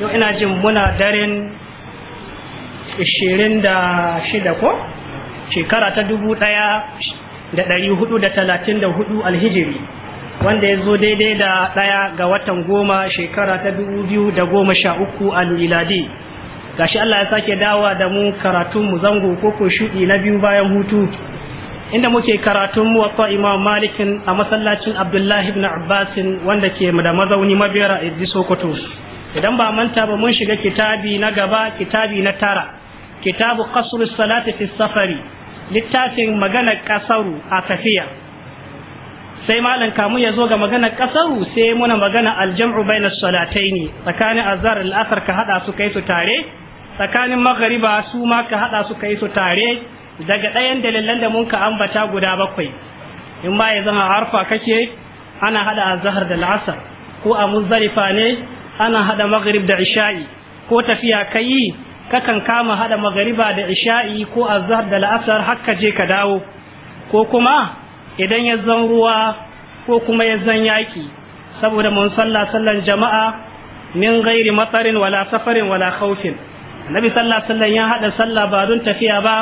yau ina jin muna daren 26 ko shekara ta 1434 alhijiri wanda ya zo daidai da ɗaya ga watan goma shekara ta 2013 Ga gashi Allah ya sake dawa da mu karatun mu zango ko ko shudi na biyu bayan hutu inda muke karatun muwatta imam malikin a masallacin abdullahi ibn abbasin wanda ke da mazauni mabera iddi sokoto idan ba manta ba mun shiga kitabi na gaba kitabi na tara kitabu qasrus salati fi safari littafin magana kasaru a tafiya sai malam kamu ya zo ga magana kasaru sai muna magana aljam'u salatai salataini tsakanin azhar al ka hada su kai su tare tsakanin maghriba su ma ka hada su kai su tare daga ɗayan dalilan da mun ka ambata guda bakwai in ma ya zama kake ana hada azhar da al'asr ko a muzdalifa ne ana hada magrib da isha'i ko tafiya kai kakan kama hada magariba da isha'i ko azhar da la'asar hakka je ka dawo ko kuma idan ya zan ruwa ko kuma ya zan yaki saboda mun salla sallan jama'a min ghairi matsarin wala safarin wala khawfin nabi sallallahu alaihi ya hada salla ba don tafiya ba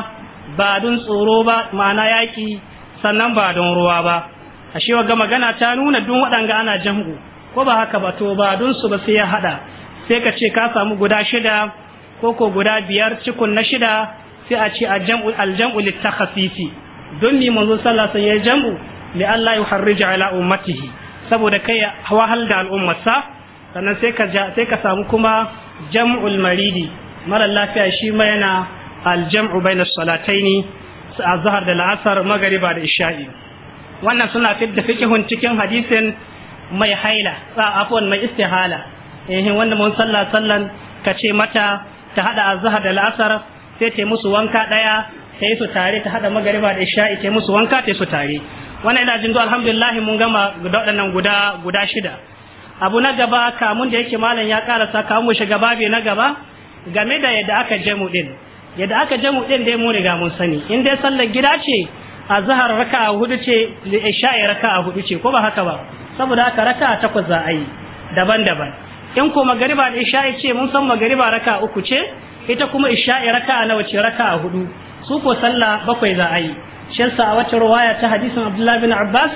ba don tsoro ba ma'ana yaki sannan ba don ruwa ba ashe ga magana ta nuna duk waɗanga ana jam'u ko ba haka ba to ba don su ba sai ya hada sai ka ce ka samu guda shida ko ko guda biyar cikun na shida sai a ce aljam'u aljam'u don ni manzo sallallahu ya wasallam jam'u li Allah yuharrija ala ummatihi saboda kai wahal da al'ummarsa sannan sai ka sai ka samu kuma jam'ul maridi mara lafiya shi ma yana aljam'u bainas salataini azhar da la'asar magariba da isha'i wannan suna fidda fikihun cikin hadisin mai haila a afuwan mai istihala eh wanda mun sallah sallan kace mata ta hada azhar da al'asar sai ta musu wanka daya ta yi su tare ta hada magariba da isha'i ta musu wanka ta su tare wannan ina jin alhamdulillah mun gama waɗannan guda guda shida abu na gaba kamun da yake malam ya karasa kamun mu shiga babe na gaba game da yadda aka mu din yadda aka mu din dai mun riga mun sani in dai sallar gida ce azhar raka'a hudu ce isha'i raka'a hudu ce ko ba haka ba saboda haka raka takwas za a yi daban-daban in ko magariba da isha'i ce mun san magariba raka uku ce ita kuma isha'i raka nawa ce raka hudu su ko sallah bakwai za a yi shi sa a wata ruwaya ta hadisin Abdullahi bin Abbas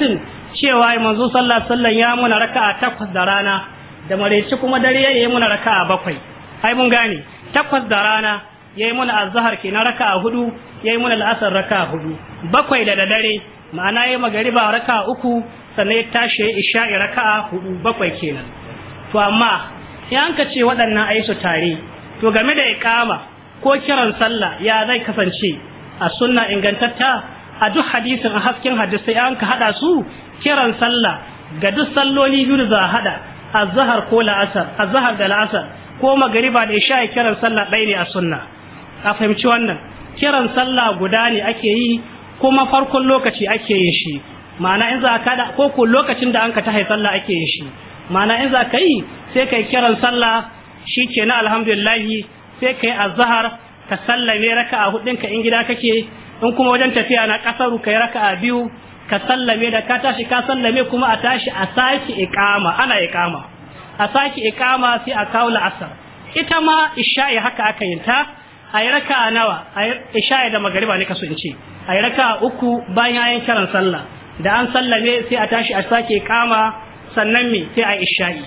cewa manzo sallah sallan ya muna a takwas da rana da maraice kuma dare ya yi muna a bakwai ai mun gane takwas da rana ya yi muna azhar kenan a hudu ya yayi muna al'asar a hudu bakwai da dare ma'ana yayi magariba raka uku sannan ya tashi ya isha'i raka'a hudu bakwai kenan to amma sai an ce waɗannan ayi su tare to game da kama ko kiran sallah ya zai kasance a sunna ingantatta a duk hadisin a hasken hadisai an ka hada su kiran sallah ga duk salloli biyu za a hada azhar ko la'asar azhar da la'asar ko magariba da isha ya kiran sallah ɗaya ne a sunna a fahimci wannan kiran sallah guda ne ake yi kuma farkon lokaci ake yin shi ma'ana in za ka da ko ko lokacin da an ka tahi sallah ake yin shi ma'ana in za ka yi sai kai kiran sallah shi ke na alhamdulillah sai kai azahar ka sallame raka'a a ka in gida kake in kuma wajen tafiya na kasaru kai raka'a biyu ka sallame da ka tashi ka sallame kuma a tashi a saki iqama ana iqama a saki iqama sai a kawo la'asar ita ma isha'i haka aka yin ta a yi raka'a nawa a isha'i da magariba ne kaso in ce a yi raka'a uku bayan ayin kiran sallah da an sallame sai a tashi a sake kama sannan me sai a isha'i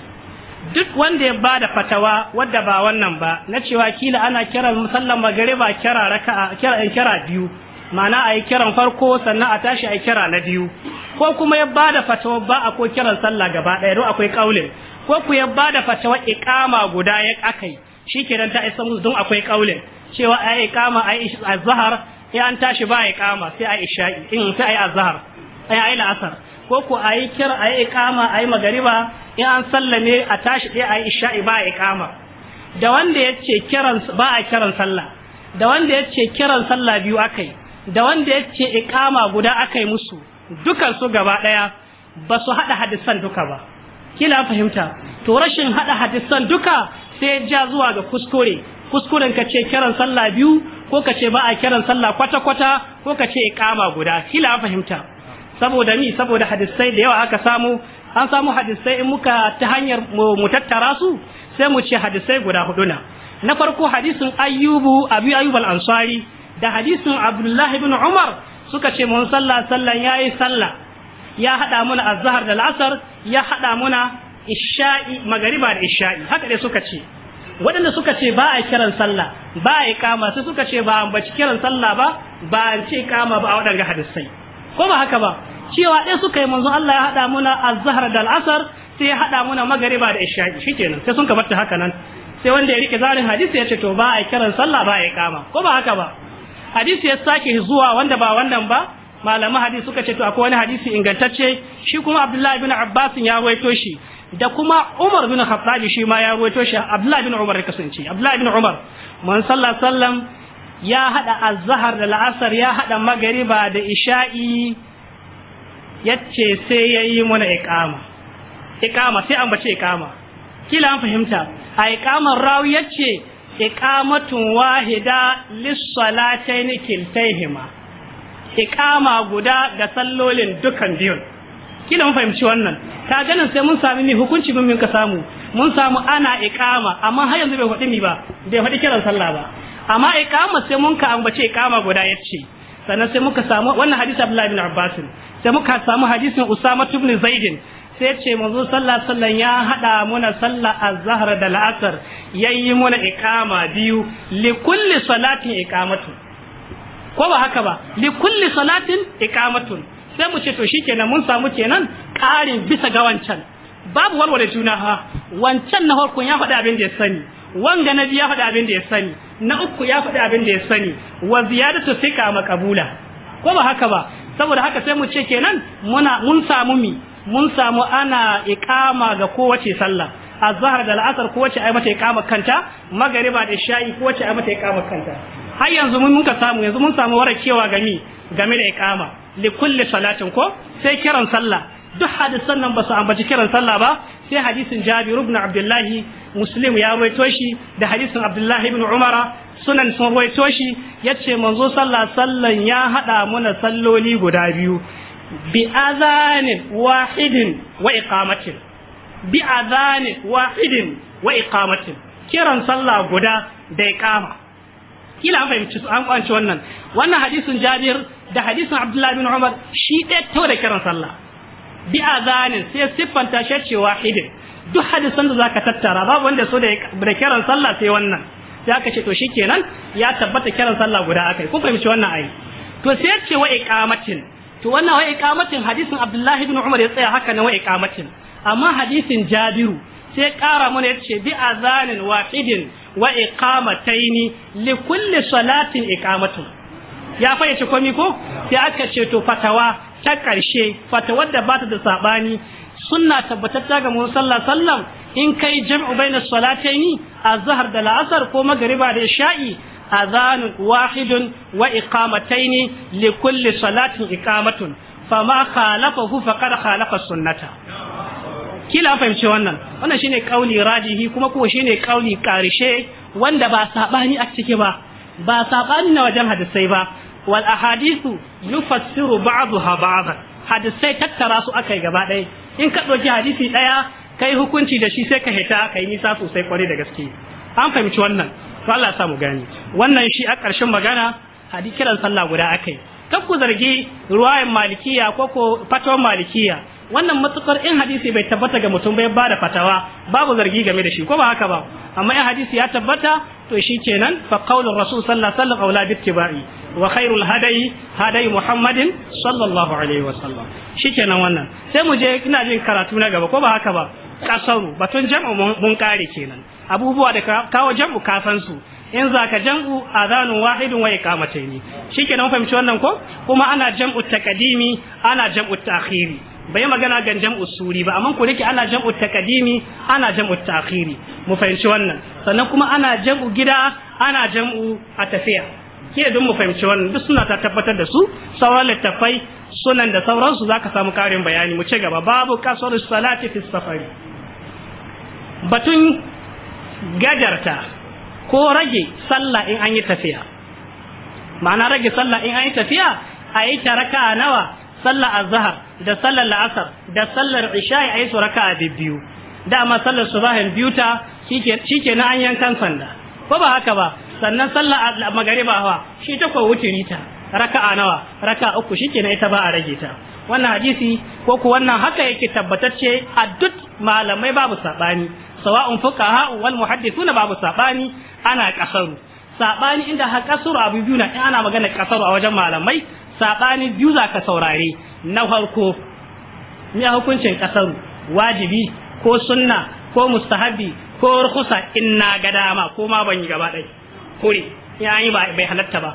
duk wanda ya bada fatawa wadda ba wannan ba na cewa kila ana kiran musallan magariba kira raka'a kira kira biyu ma'ana a yi kiran farko sannan a tashi a kira na biyu ko kuma ya bada fatawa ba a ko kiran sallah gaba ɗaya don akwai kaulin ko ku ya bada fatawa iqama guda ya akai shikenan ta isa musu don akwai kaulin cewa a iqama a azhar in an tashi ba iqama sai a isha'i in sai a azhar ai ai la'asar ko ko yi kira ikama iqama yi magariba in an sallame a tashi dai yi isha'i ba iqama da wanda yace kiran ba a kiran sallah da wanda yace kiran sallah biyu akai da wanda yace iqama guda akai musu dukan su gaba daya ba su hada hadisan duka ba kila fahimta to rashin hada hadisan duka sai ja zuwa ga kuskure kuskuren ka ce kiran sallah biyu ko ka ce ba a kiran sallah kwata-kwata ko ka ce iqama guda kila fahimta saboda ni saboda hadisai da yawa aka samu an samu hadisai in muka ta hanyar mu tattara su sai mu ce hadisai guda hudu na na farko hadisin ayyubu abi ayyub al-ansari da hadisin abdullahi ibn umar suka ce mun sallah sallan yayi sallah ya hada mana azhar da al'asar ya hada mana isha'i magariba da isha'i haka dai suka ce waɗanda suka ce ba a kiran sallah ba a kama sai suka ce ba an baci kiran sallah ba ba an ce kama ba a waɗanda hadisai ko ba haka ba cewa ɗaya suka yi manzon Allah ya haɗa muna azhar da al'asar sai ya haɗa muna magariba da isha'i shikenan sai sun kamar ta haka nan sai wanda ya rike zarin hadisi ya ce to ba a kiran sallah ba a yi kama ko ba haka ba hadisi ya sake zuwa wanda ba wannan ba malamai hadisi suka ce to akwai wani hadisi ingantacce shi kuma Abdullahi bin Abbas ya waito shi da kuma Umar bin Khattab shi ma ya waito shi Abdullahi bin Umar ya kasance Abdullahi bin Umar man sallallahu alaihi wasallam ya haɗa azhar da la'asar ya hada magariba da isha'i yace sai yayi mana iqama iqama sai an bace iqama kila an fahimta a iqamar rawi yace iqamatun wahida lis-salatayn kiltaihima iqama guda ga sallolin dukan biyun kila mun fahimci wannan ta ganin sai mun sami ni hukunci mun ka samu mun samu ana iqama amma har yanzu bai faɗi ni ba bai faɗi kiran sallah ba amma iqama sai mun ka ambace iqama guda yace sannan sai muka samu wannan hadisi Abdullahi bin Abbas sai muka samu hadisin Usama ibn Zaid sai ce manzo sallah sallan ya hada muna sallah zahra da la'asar yayi muna iqama biyu li kulli salatin iqamatu ko ba haka ba li kulli salatin iqamatu sai mu ce to shikenan mun samu kenan ƙarin bisa ga wancan babu walwala juna ha wancan na harkun ya faɗi abin da ya sani wanga na biya faɗi abin da ya sani na uku ya faɗi abin da ya sani wa ziyadatu sika maqbula ko ba haka ba saboda haka sai mu ce kenan muna mun samu mi mun samu ana iqama ga kowace sallah azhar da al'asr kowace ai mata iqama kanta magariba da sha'i kowace ai mata iqama kanta har yanzu mun muka samu yanzu mun samu warakewa mi game da iqama li kulli salatin ko sai kiran sallah duk hadisan nan ba su ambaci kiran sallah ba sai hadisin Jabir ibn abdullahi Muslim ya rawaito shi da hadisin abdullahi ibn Umar sunan sun rawaito shi yace manzo sallah sallan ya hada mana salloli guda biyu bi azanin wahidin wa iqamatin bi azanin wahidin wa iqamatin kiran sallah guda da iqama kila an fahimci an kwanci wannan wannan hadisin Jabir da hadisin abdullahi ibn Umar shi ɗaya to da kiran sallah bi azanin sai siffanta shi cewa duk hadisan da zaka tattara babu wanda so da kiran sallah sai wannan sai aka ce to shikenan ya tabbata kiran sallah guda akai ku fahimci wannan ai to sai ce wa iqamatin to wannan wa iqamatin hadisin Abdullahi ibn Umar ya tsaya haka na wa iqamatin amma hadisin Jabiru sai ƙara mana yace bi azanin wahidin wa iqamataini li kulli salatin iqamatu ya fayyace komi ko sai aka ce to fatawa ta ƙarshe fatawar ba bata da saɓani sunna tabbatatta ga mun sallah sallam in kai jam'u bainas salataini azhar da la'asar ko magriba da isha'i azanun wahidun wa iqamataini li kulli salatin iqamatun fama khalafahu faqad khalafa sunnata kila fahimci wannan wannan shine kauli rajihi kuma ko shine kauli karshe wanda ba saɓani a ciki ba ba saɓani na wajen hadisai ba wal ahadithu yufassiru ba'daha ba'dan hadisai tattara su akai gaba ɗaya in ka ɗauki hadisi ɗaya kai hukunci da shi sai ka hita kai nisa sosai kwarai da gaske an fahimci wannan to Allah ya sa mu gani wannan shi a ƙarshen magana hadi kiran sallah guda akai kan zargi ruwayan malikiya ko ko malikiya wannan matukar in hadisi bai tabbata ga mutum bai bada fatawa babu zargi game da shi ko ba haka ba amma in hadisi ya tabbata to shi kenan fa qaulur rasul sallallahu alaihi wasallam aula bittiba'i وخير الهدي هدي محمد صلى الله عليه وسلم shikenan wannan sai mu je ina jin karatu na gaba ko ba haka ba kasaru batun jam'u mun kare kenan abubuwa da kawo jam'u ka su in za ka jam'u azanun wahidun wa iqamataini shikenan fahimci wannan ko kuma ana jam'u taqdimi ana jam'u ta'khiri bai magana ga jam'u suri ba amma ko dake ana jam'u taqdimi ana jam'u ta'khiri mu fahimci wannan sannan kuma ana jam'u gida ana jam'u a tafiya. ke don mu fahimci wannan duk suna ta tabbatar da su sauran littafai sunan da sauransu za ka samu karin bayani mu ci gaba babu kasar salati fi safari batun gajarta ko rage sallah in an yi tafiya ma'ana rage sallah in an yi tafiya a yi ta raka nawa sallah azhar da sallar la'asar da sallar isha'i a yi su a biyu dama sallar subahin biyu ta shike na an yankan sanda ko ba haka ba sannan sallah magariba Hawa, shi ta wuce wuturi ta raka'a nawa raka'a uku na ita ba a rage ta wannan hadisi ko ku wannan haka yake tabbatacce a duk malamai babu sabani sawa'un fuqaha wal muhaddithuna babu sabani ana kasaru sabani inda ha kasaru abu biyu na in ana magana kasaru a wajen malamai sabani biyu za ka saurare na farko ni hukuncin kasaru wajibi ko sunna ko mustahabi ko rukhsa in na ga dama ko ma ban yi gaba ɗaya kore ya yi bai halatta ba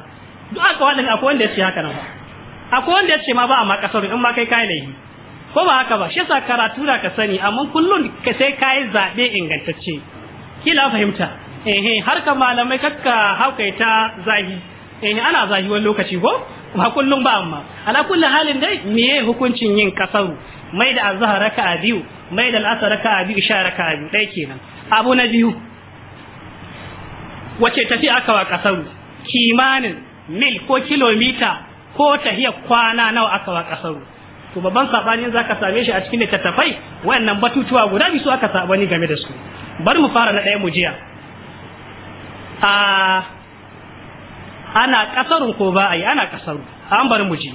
duk aka waɗanda akwai wanda ya ce haka nan ba akwai wanda ya ce ma ba a ma kasar in ma kai kai laifi ko ba haka ba shi yasa karatu da ka sani amma kullum ka sai kai zabe ingantacce kila fahimta eh har ka malamai kakka haukaita zahi eh ana zahi wani lokaci ko ba kullum ba amma ala kullu halin dai meye hukuncin yin kasaru mai da azhara ka biyu mai da al'asara ka biyu isha raka'a dai kenan abu na biyu wace tafiya aka wa kasaru kimanin mil ko kilomita ko tahiyar kwana nawa aka wa kasaru to babban sabanin ka same shi a cikin littattafai wayannan batutuwa guda biyu aka sabani game da su bari mu fara na ɗaya mu jiya a ana kasarun ko ba a yi ana kasaru an bari mu ji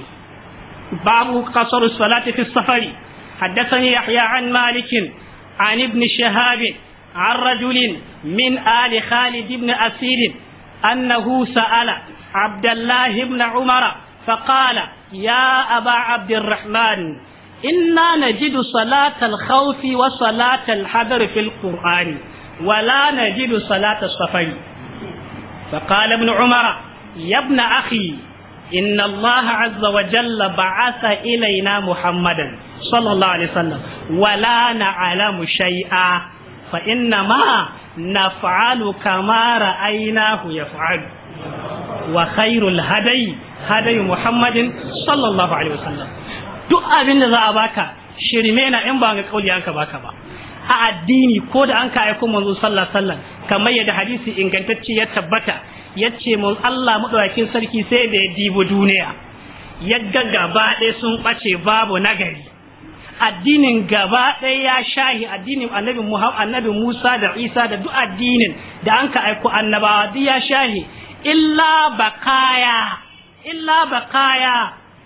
babu kasaru salati fi safari حدثني يحيى an an Ibn عن رجل من آل خالد بن أسير أنه سأل عبد الله بن عمر فقال يا أبا عبد الرحمن إنا نجد صلاة الخوف وصلاة الحذر في القرآن ولا نجد صلاة الصفين فقال ابن عمر يا ابن أخي إن الله عز وجل بعث إلينا محمدا صلى الله عليه وسلم ولا نعلم شيئا fa inna ma naf'alu kama ya yaf'alu wa khairul hadai hadai muhammadin sallallahu alaihi wasallam duk abin da za a baka shirme na in ba ga kauli an ka baka ba a addini ko da an ka aiko manzo sallallahu alaihi wasallam kamar yadda hadisi ingantacce ya tabbata yace mun Allah madaukakin sarki sai da ya dibo duniya ya gaba ɗaya sun ɓace babu nagari addinin gaba ɗaya ya shahi addinin annabi Musa da Isa da duk addinin da an ka aiko annabawa duk ya shahi illa bakaya illa bakaya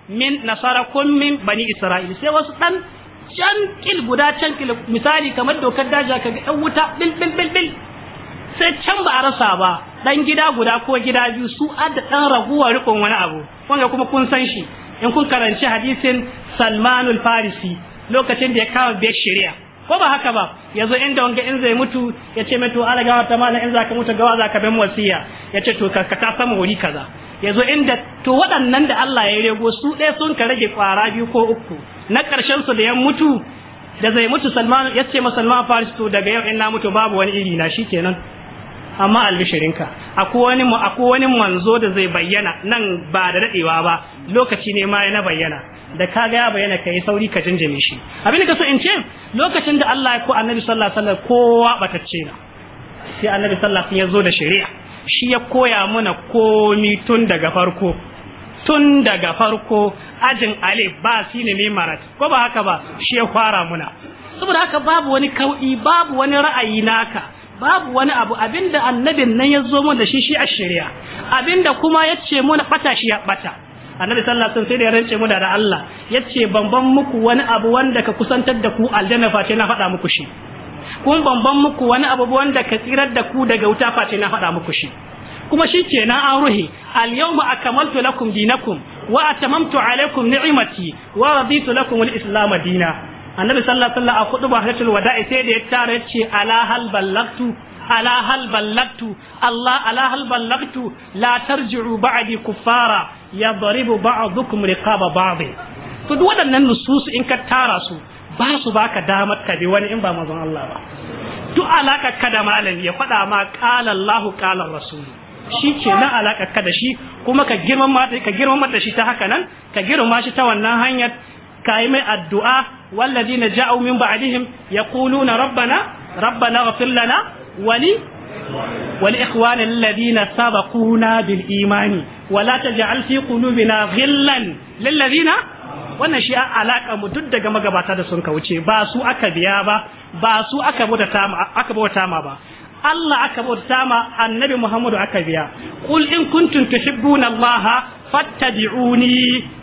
min nasara kun min bani Isra'il sai wasu ɗan can kil guda can kil misali kamar dokar daja kaga ɗan wuta bil bil bil bil sai can ba a rasa ba ɗan gida guda ko gida biyu su adda ɗan raguwa rikon wani abu wanda kuma kun san shi in kun karanci hadisin Salmanul Farisi lokacin da ya kama bai shari'a ko ba haka ba yazo inda wanga in zai mutu ya ce mai to gawa ta mala in zaka mutu gawa zaka bin wasiya ya ce to ka ta samu wuri kaza yazo inda to waɗannan da Allah ya rego su ɗaya sun ka rage kwara biyu ko uku na ƙarshen su da ya mutu da zai mutu Salman ya ce ma Salman Faris to daga yau in na mutu babu wani iri na shikenan amma albishirinka akwai wani akwai wani manzo da zai bayyana nan ba da dadewa ba lokaci ne ma ya na bayyana da ka ga ya bayyana kai sauri ka jinjime shi abin da kaso in ce lokacin da Allah ya ko Annabi sallallahu alaihi wasallam kowa batacce na sai Annabi sallallahu alaihi wasallam ya zo da shari'a shi ya koya mana komi tun daga farko tun daga farko ajin alif ba shi ne marat ko ba haka ba shi ya fara muna saboda haka babu wani kau'i babu wani ra'ayi naka babu wani abu abinda annabin nan ya zo mun da shi shi a shari'a abinda kuma ya ce na bata shi ya bata annabi sallallahu alaihi wasallam sai da rance mu da Allah yace bamban muku wani abu wanda ka kusantar da ku aljanna face na faɗa muku shi kun bamban muku wani abu wanda ka tsirar da ku daga wuta face na faɗa muku shi kuma shi an ruhe al-yawma akamaltu lakum dinakum wa atamamtu alaikum ni'imati wa raditu lakum al-islam dina annabi sallallahu alaihi wasallam a kudu ba hajjatul wada'i sai da ya tare yace ala hal ballagtu ala hal ballagtu Allah ala hal ballagtu la tarji'u ba'di kuffara yadribu ba'dukum riqaba ba'd to duk waɗannan nususu in ka tara su ba su baka damar ka bi wani in ba mazan Allah ba duk alaka ka da malami ya faɗa ma qala Allahu qala rasulu shi ke na alaƙa ka da shi kuma ka girmama da shi ta haka nan ka girma shi ta wannan hanyar ka yi mai addu'a wallazi na ja'u min ba'dihim yaquluna rabbana rabbana ighfir lana wali wal ikhwan alladhina sabaquna bil imani wala taj'al fi qulubina ghillan wannan shi mu duk daga magabata da sun kauce ba su aka biya ba ba su aka bauta tama aka bauta ma ba Allah aka bauta annabi Muhammadu aka biya qul in kuntum tuhibbuna Allah fattabi'uni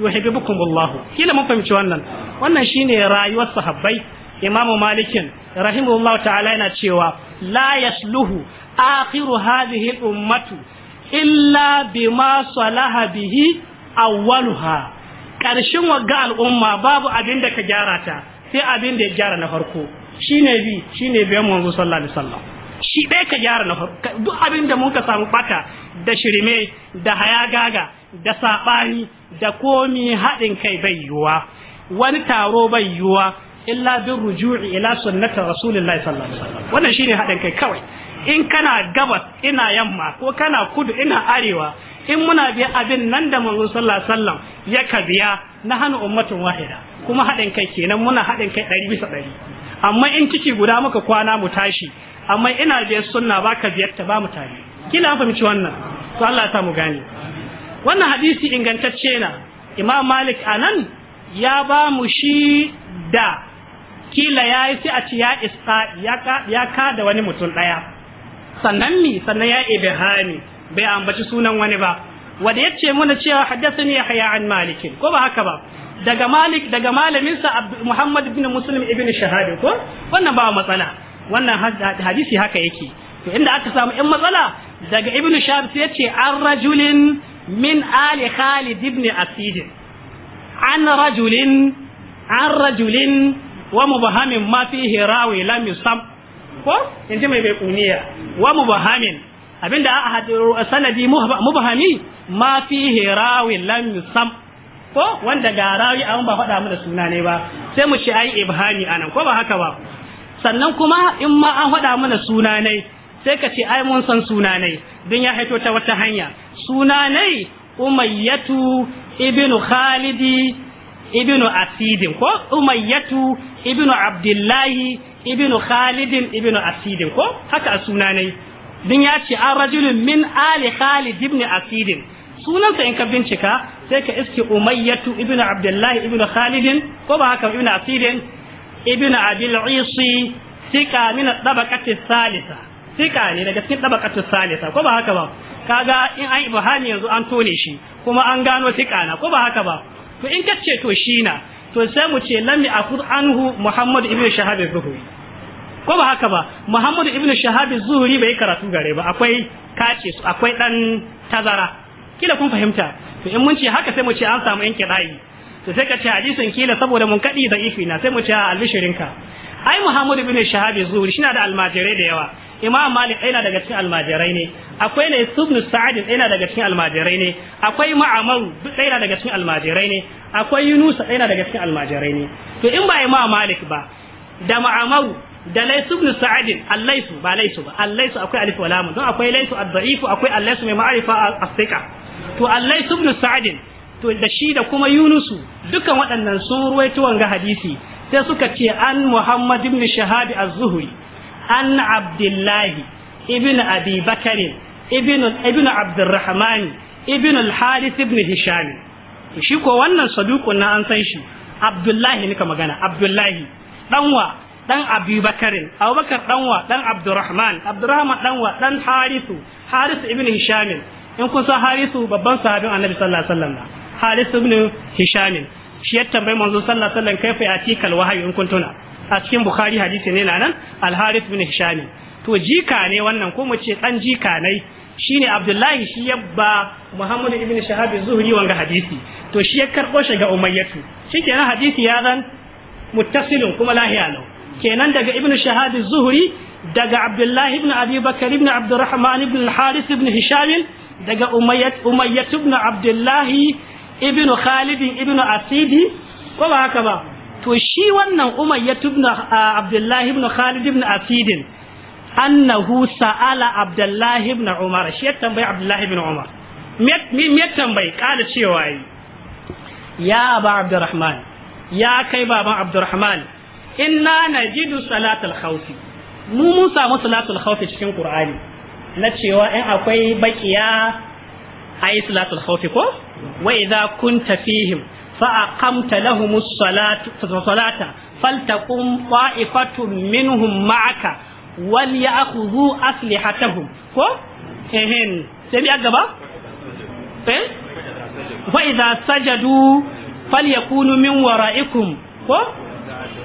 yuhibbukum Allah kila mun fahimci wannan wannan shine rayuwar sahabbai Imam Malikin rahimahullahu ta'ala yana cewa la yasluhu akhiru hadhihi ummatu illa bima salaha bihi awwaluha karshen wagga al'umma babu abin da ka gyara ta sai abin da ya gyara na farko shine bi shine biyan manzo sallallahu alaihi wasallam shi dai ka gyara na farko duk abin da muka samu bata da shirme da hayagaga da sabani da komi haɗin kai bai yiwuwa wani taro bai yiwuwa illa bin ruju'i ila sunnati rasulillahi sallallahu alaihi wasallam wannan shine haɗin kai kawai in kana gabas ina yamma ko kana kudu ina arewa in muna biya abin nan da manzo sallallahu alaihi wasallam ya kabiya na hana ummatin wahida kuma haɗin kai kenan muna haɗin kai ɗari bisa ɗari amma in ciki guda muka kwana mu tashi amma ina biyar sunna ba ka biyarta ba mu tare kila an fahimci wannan to Allah ya mu gane wannan hadisi ingantacce na Imam Malik anan ya ba mu shi da kila ya yi sai a ci ya isa ya ka da wani mutum ɗaya sannan mi sannan ya ibhami bai ambaci sunan wani ba wanda yace muna cewa hadathani yahya an malik ko ba haka ba daga malik daga malamin sa muhammad ibn muslim ibn shahab ko wannan ba matsala wannan hadisi haka yake to inda aka samu in matsala daga ibn shahab sai yace an rajulin min ali khalid ibn asid an rajulin an rajulin wa mubahamin ma fihi rawi lam yusam ko in ji mai baikuniya wa mubahamin abinda a sanadi mubahami ma fihi rawi lam yusam ko wanda ga rawi an ba faɗa mana suna ne ba sai mu shi ai ibhami anan ko ba haka ba sannan kuma in ma an faɗa mana suna ne sai ka ce ai mun san suna ne don ya haito ta wata hanya suna ne umayyatu ibnu khalidi ibnu asidin ko umayyatu ibnu abdullahi ibnu khalidin ibnu asidin ko haka a suna ne din ya ce min ali khalid ibn sunansa in ka bincika sai ka iske umayyatu ibnu abdullahi ibnu khalidin ko ba haka ibnu asidin ibnu abil isi sika min dabaqati salisa sika ne daga cikin dabaqati salisa ko ba haka ba kaga in an yanzu an tone shi kuma an gano sika na ko ba haka ba to in ka to shi na to sai mu ce lami a anhu muhammadu ibn shahab'i zuhuri ko ba haka ba muhammadu ibn shahab'i zuhuri bai karatu gare ba akwai kace su akwai dan tazara kila kun fahimta to in mun ce haka sai mu ce an samu yanke dai to sai ka ce hadisin kila saboda mun kadi da ifi na sai mu ce albishirinka ai muhammadu ibn shahab'i zuhuri shi na da almajirai da yawa imam malik yana daga cikin almajirai ne akwai ne ibn sa'd yana daga cikin almajirai ne akwai ma'amaru yana daga cikin almajirai ne akwai yunus yana daga cikin almajirai ne to in ba imam malik ba da ma'amaru da laysu ibn sa'd allaisu ba laisu ba allaisu akwai alif wa lam don akwai laisu ad-da'if akwai allaisu mai ma'arifa as-thiqa to allaisu ibn sa'd to da shi da kuma yunusu dukan waɗannan sun ruwaito wanga hadisi sai suka ce an muhammad ibn shahabi az-zuhri an abdullahi ibn abi bakarin ibn ibn abdurrahman ibn al-harith ibn hisham shi ko wannan saduqun na an san shi abdullahi nika magana abdullahi danwa dan abubakarin abubakar danwa dan abdurrahman abdurrahman danwa dan harisu harisu ibn hisham in kun san harisu babban sahabin annabi sallallahu alaihi wasallam harisu ibn hisham shi ya tambayi manzo sallallahu alaihi wasallam kaifa yatikal wahayi in kun tuna a cikin bukhari hadisi ne na nan alharis bin Hishami. to jika ne wannan ko mu ce dan jika ne shine abdullahi shi ya ba muhammad ibn shahab zuhri wanga hadisi to shi ya karbo shi ga umayyatu shikenan hadisi ya zan muttasilun kuma lahiya lau kenan daga ibn shahab zuhri daga abdullahi ibn abi bakr ibn abdurrahman ibn al ibn hisham daga umayyat umayyat ibn abdullahi ibn khalid ibn asidi ko ba haka ba to shi wannan umayya ibn abdullah ibn khalid ibn Asidin, annahu sa'ala abdullah ibn umar shi ya tambayi abdullah ibn umar me tambayi kala cewa yi ya aba abdurrahman ya kai baban abdurrahman inna najidu salatul khawfi mu mun samu salatul khawfi cikin qur'ani na cewa in akwai bakiya ayi salatul khawfi ko wa idza kunta fihim فأقمت لهم الصلاة فالصلاة فلتقم طائفة منهم معك وليأخذوا أسلحتهم كو إهن سمي أجابة إيه فإذا سجدوا فليكونوا من ورائكم كو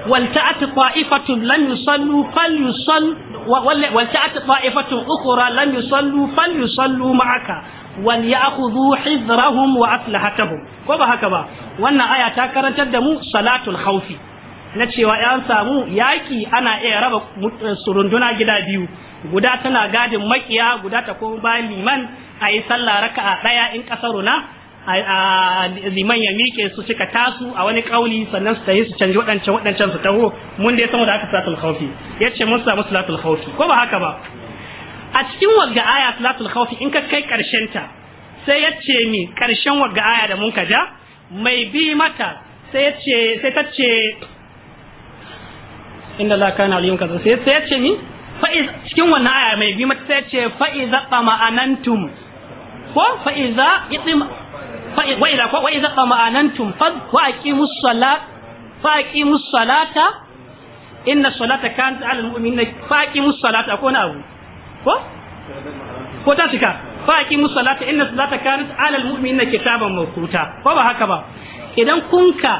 ولتأت طائفة لم يصلوا فليصل ولتأت طائفة أخرى لم يصلوا فليصلوا معك wal ya'khudhu hizrahum wa aslahatahum ko ba haka ba wannan aya ta karantar da mu salatul khawfi na cewa an samu yaki ana iya raba eh, surunduna gida biyu guda tana gadin maƙiya guda ta ko bayan liman a yi sallah a ɗaya in kasaruna liman ya mike su cika tasu a wani kauli sannan su tayi su canji waɗancan waɗancan su taho mun dai san da aka salatul khawfi yace mun samu salatul khawfi ko ba haka ba a cikin wagga aya salatul khawfi in ka kai karshen ta sai ya ce mi karshen wagga aya da mun ja, mai bi mata sai ya ce sai ta ce inda la kana aliyun kaza sai ya ce mi fa'iz cikin wannan aya mai bi mata sai ya ce fa'iza anantum, ko fa'iza itima wa idza wa idza qama'anantum fa wa aqimus salat fa aqimus salata inna salata kanat 'alal mu'minina fa aqimus salata ko na abu ko ko ta cika fa aqimus salata inna salata kanat alal almu'minina kitaban mawquta ko ba haka ba idan kunka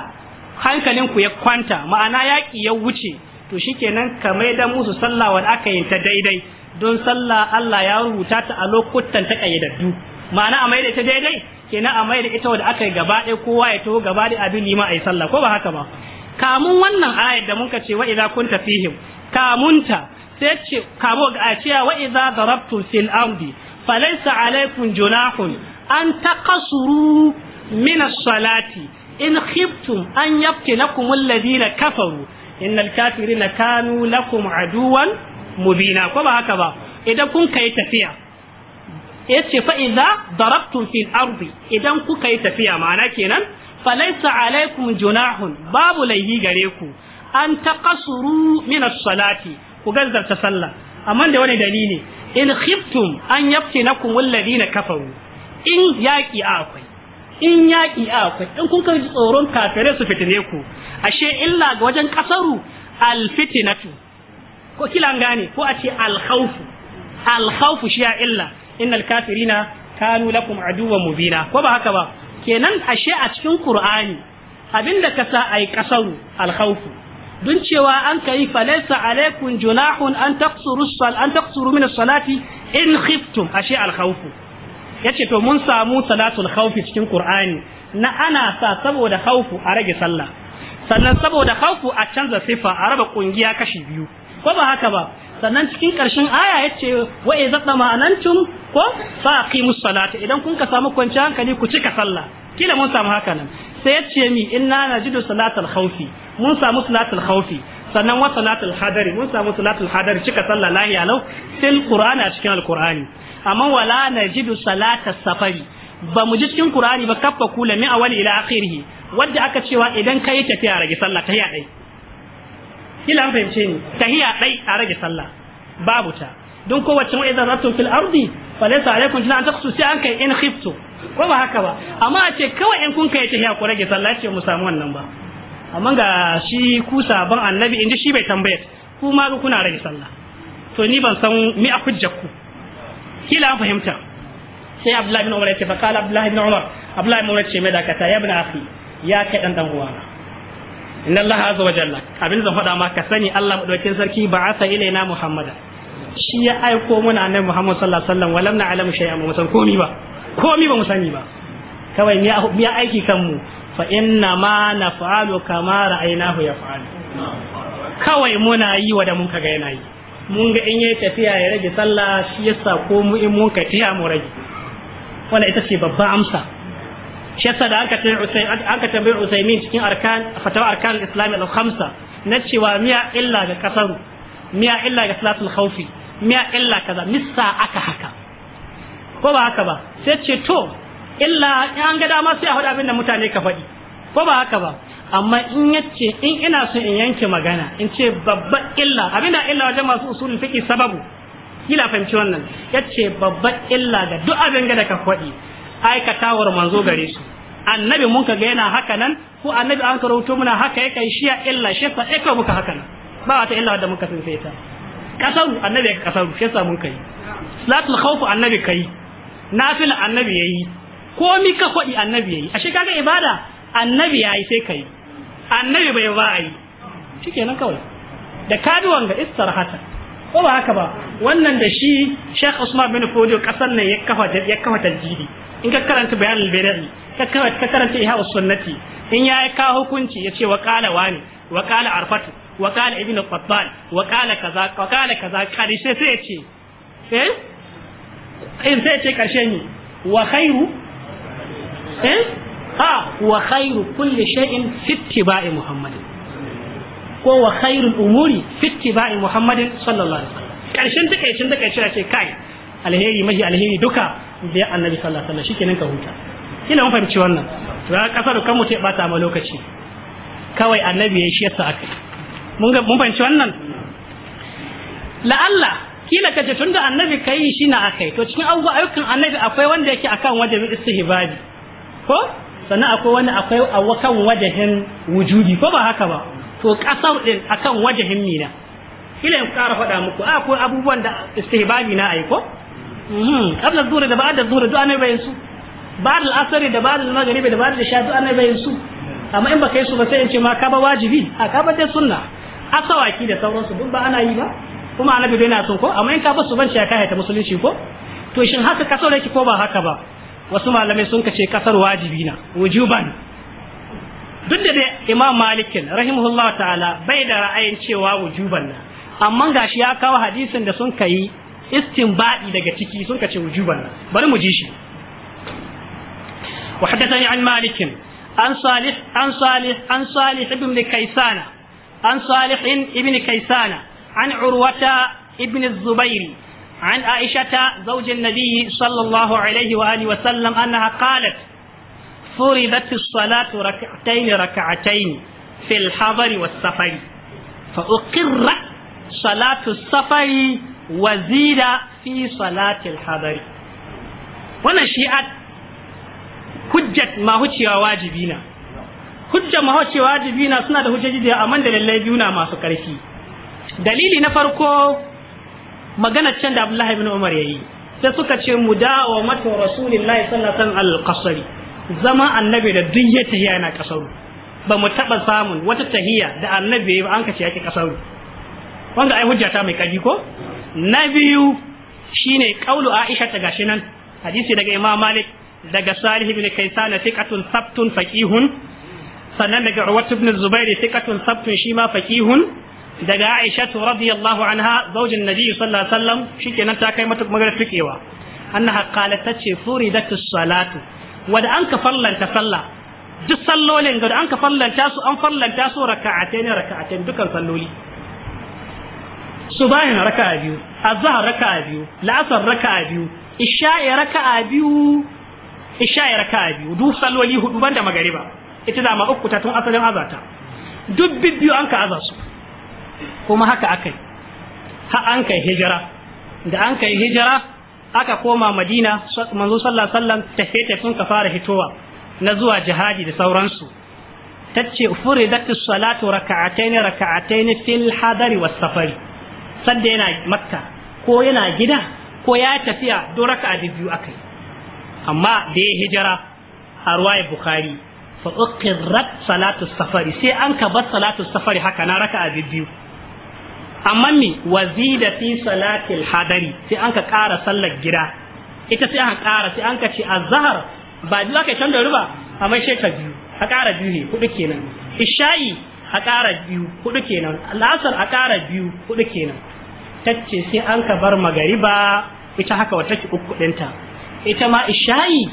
hankalin ku ya kwanta ma'ana yaki ya wuce to shikenan ka da musu sallah wanda aka yin ta daidai don sallah Allah ya rubuta ta a lokutan ta kayyadaddu ma'ana a maida ta daidai kenan a maida ita wanda aka yi gaba ɗaya kowa ya taho gaba ɗaya abin lima a yi sallah ko ba haka ba kamun wannan ayar da muka ce wa idza kunta fihim kamunta sai ce kabo a cewa wa idza darabtum fil ardi falaysa alaykum junahun an taqasuru min as-salati in khiftum an yaftinakum alladhina kafaru innal kafirina kanu lakum aduwan mubina ko ba haka ba idan kun kai tafiya yace fa idza darabtum fil ardi idan kuka yi tafiya ma'ana kenan falaysa alaykum junahun babu layyi gare ku an taqasuru min as-salati ku gazzarta sallah amma da wani dalili in khiftum an yaftinakum walladina kafaru in yaki akwai in yaki akwai in kun kai tsoron kafirai su fitine ku ashe illa ga wajen kasaru al fitinatu ko kila gane ko a ce al khawfu al khawfu shi ya illa innal kafirina kanu lakum aduwwan mubina ko ba haka ba kenan ashe a cikin qur'ani abinda ka sa ai kasaru al dun cewa an kai falaysa alaikum junahun an taqsuru an min salati in khiftum ashe al khawf yace to mun samu salatul khawf cikin qur'ani na ana sa saboda khawfu a rage sallah sannan saboda khawfu a canza sifa a raba kungiya kashi biyu ko ba haka ba sannan cikin karshen aya yace wa idza ma'anantum ko fa aqimus salata idan kun ka samu kwanciyar hankali ku cika sallah kila mun samu haka nan sai ya ce mi inna najidu salatul khawfi mun samu salatul khawfi sannan wa salatul hadari mun samu salatul hadari cika sallah lahiya lau fil qur'ani a cikin alqur'ani amma wala najidu salatas safari ba mu ji cikin qur'ani ba kaffa kula mi awal ila akhirih wanda aka cewa idan kai tafiya rage sallah tahiya dai ila an fahimce ni tahiya dai a rage sallah babu ta don kowace wa'iza zatun fil ardi falaysa alaykum jina an taqsu sai an kai in khiftu ko ba haka ba amma a ce kawai in kun kai tahiya ku rage sallah ce mu samu wannan ba amma ga shi ku sabon annabi inji shi bai tambaye ku ma ga kuna rage sallah to ni ban san mi a hujjar ku kila fahimta sai abdullahi bin umar ya ce fa kala abdullahi bin umar abdullahi bin umar ce mai dakata ya bin afi ya kai dan dan uwana inna Allah azza wa jalla abin zan faɗa ma ka sani Allah madaukin sarki ba asa ilaina Muhammada shi ya aiko muna annabi Muhammad sallallahu alaihi wasallam walam alamu shay'an ba san komi ba komi ba mu sani ba kawai miya aiki kanmu fa inna ma na fa'alu kama ra'aynahu ya fa'alu kawai muna yi wa da mun kaga yana yi mun ga in yayi tafiya ya rage sallah shi yasa ko mu in mun ka tafiya mu rage wannan ita ce babban amsa shi yasa da aka tambaye aka tambaye Usaimin cikin arkan fatawa arkan al-islam al-khamsa na cewa miya illa ga kasaru miya illa ga salatul khawfi miya illa kaza missa aka haka ko ba haka ba sai ce to illa in an ga dama sai a faɗi abin da mutane ka faɗi ko ba haka ba amma in yace in ina so in yanke magana in ce babban illa abinda illa wajen masu usulul fiqi sababu kila fahimci wannan yace babban illa ga duk abin da ka faɗi. aikatawar manzo gare su annabi mun ga yana haka nan ko annabi an karanto muna haka ya kai ya illa shi fa sai eh, muka haka nan ba wata illa da muka sun sai ta kasaru annabi ka kasaru shi yasa mun kai salatul khawf annabi kai nafil annabi yayi mi ka faɗi annabi yayi ashe kaga ibada annabi yayi sai kai annabi bai ba ai shikenan kawai da kaduwan ga istirahata ko ba haka ba wannan da shi Sheikh Usman bin Fodio kasan ne ya kafa ya kafa tajidi in ka karanta bayan al-bidai ka karanta ka karanta ihya sunnati in yayi ka hukunci yace wa qala wani wa qala arfatu wa qala ibnu qattan wa qala kaza wa qala kaza karshe sai yace eh in sai ce karshe ni wa khairu eh ha wa khairu kulli shay'in fi ittiba'i muhammadin ko wa khairul umuri fi ittiba'i muhammadin sallallahu alaihi wasallam karshen takaicin takaicin ce kai alheri mahi alheri duka da ya annabi sallallahu alaihi wasallam shikenan ka huta kina mun fahimci wannan to ga kasar kan ba ta ma lokaci kawai annabi ya shi yasa aka mun mun fahimci wannan la'alla kila kace tunda annabi kai shi na akai to cikin abubuwa ayyukan annabi akwai wanda yake akan wajibin istihbabi ko sannan akwai wani akwai awakan wajen wujudi ko ba haka ba to kasar din akan wajahin mina kila in ƙara faɗa muku akwai abubuwan da istihbabi na ai ko mhm qabla dhuhr da ba'da dhuhr da annabi bayin su ba'd al-asr da ba'd al-maghrib da ba'd al-isha da annabi bayin su amma in baka yi su ba sai in ce ma ka ba wajibi a ka ba dai sunna asawaki da sauransu duk ba ana yi ba kuma annabi dai na son ko amma in ka basu ban shi ya ta musulunci ko to shin haka kasar yake ko ba haka ba wasu malamai sun kace kasar wajibi na wujuban duk da dai imam malikin rahimahullahu ta'ala bai da ra'ayin cewa wujuban na amma gashi ya kawo hadisin da sun kai istinbadi daga ciki sun kace wujuban na bari mu ji shi وحدثني عن مالك عن صالح عن صالح عن صالح بن كيسانة عن صالح ابن كيسانة عن عروة ابن الزبير عن عائشة زوج النبي صلى الله عليه وآله وسلم أنها قالت فرضت الصلاة ركعتين ركعتين في الحضر والسفر فأقر صلاة السفر وزيد في صلاة الحضر ونشيئت hujjat ma hucewa wajibi na hujjar ma hucewa wajibi na suna da hujjoji da amma da lallai biyu na masu ƙarfi dalili na farko magana can da Abdullahi ibn Umar ya yi sai suka ce mu mudawa mata rasulullahi sallallahu alaihi al-qasri zama annabi da duk ya tahiya na kasaru ba mu taba samun wata tahiya da annabi ba an kace yake kasaru wanda ai hujja ta mai kaji ko na biyu shine kaulu Aisha ta gashi nan hadisi daga Imam Malik daga Salih ibn Kaysan thiqatun sabtun faqihun sannan daga Urwat ibn Zubair thiqatun sabtun ma faqihun daga Aisha radiyallahu anha zaujin Nabi sallallahu alaihi wasallam shikenan ta kai mata magana fikewa annaha qalat tace furidatu salatu wanda an ka fallanta sallah duk sallolin ga an ka fallanta su an fallanta su raka'atai ne raka'atai dukan salloli subahin raka'a biyu azhar raka'a biyu la'asar raka'a biyu isha'i raka'a biyu isha'i raka'a biyu duk salloli hudu banda magariba ita da ma uku ta tun asalin azata duk bibbiyu anka ka kuma haka aka yi ha an kai hijira da an kai hijira aka koma madina manzo sallallahu sallam tafiye sun ka fara hitowa na zuwa jihadi da sauransu tace furidat as-salatu raka'atayn raka'atayn fil hadari wa safari sanda yana makka ko yana gida ko ya tafiya do raka'a biyu yi amma da ya hijira a bukhari fa uqirrat salatu safari sai an ka bar salatu safari haka na raka'a biyu amma mi wazida fi salatil hadari sai an ka ƙara sallar gida ita sai an ƙara sai an ka ce azhar ba ji zaka canza ruba amma sai ka biyu a ƙara biyu ne hudu kenan isha'i a ƙara biyu hudu kenan Lasar a ƙara biyu hudu kenan tacce sai an ka bar magariba ita haka wata ki uku ɗinta ita ma isha'i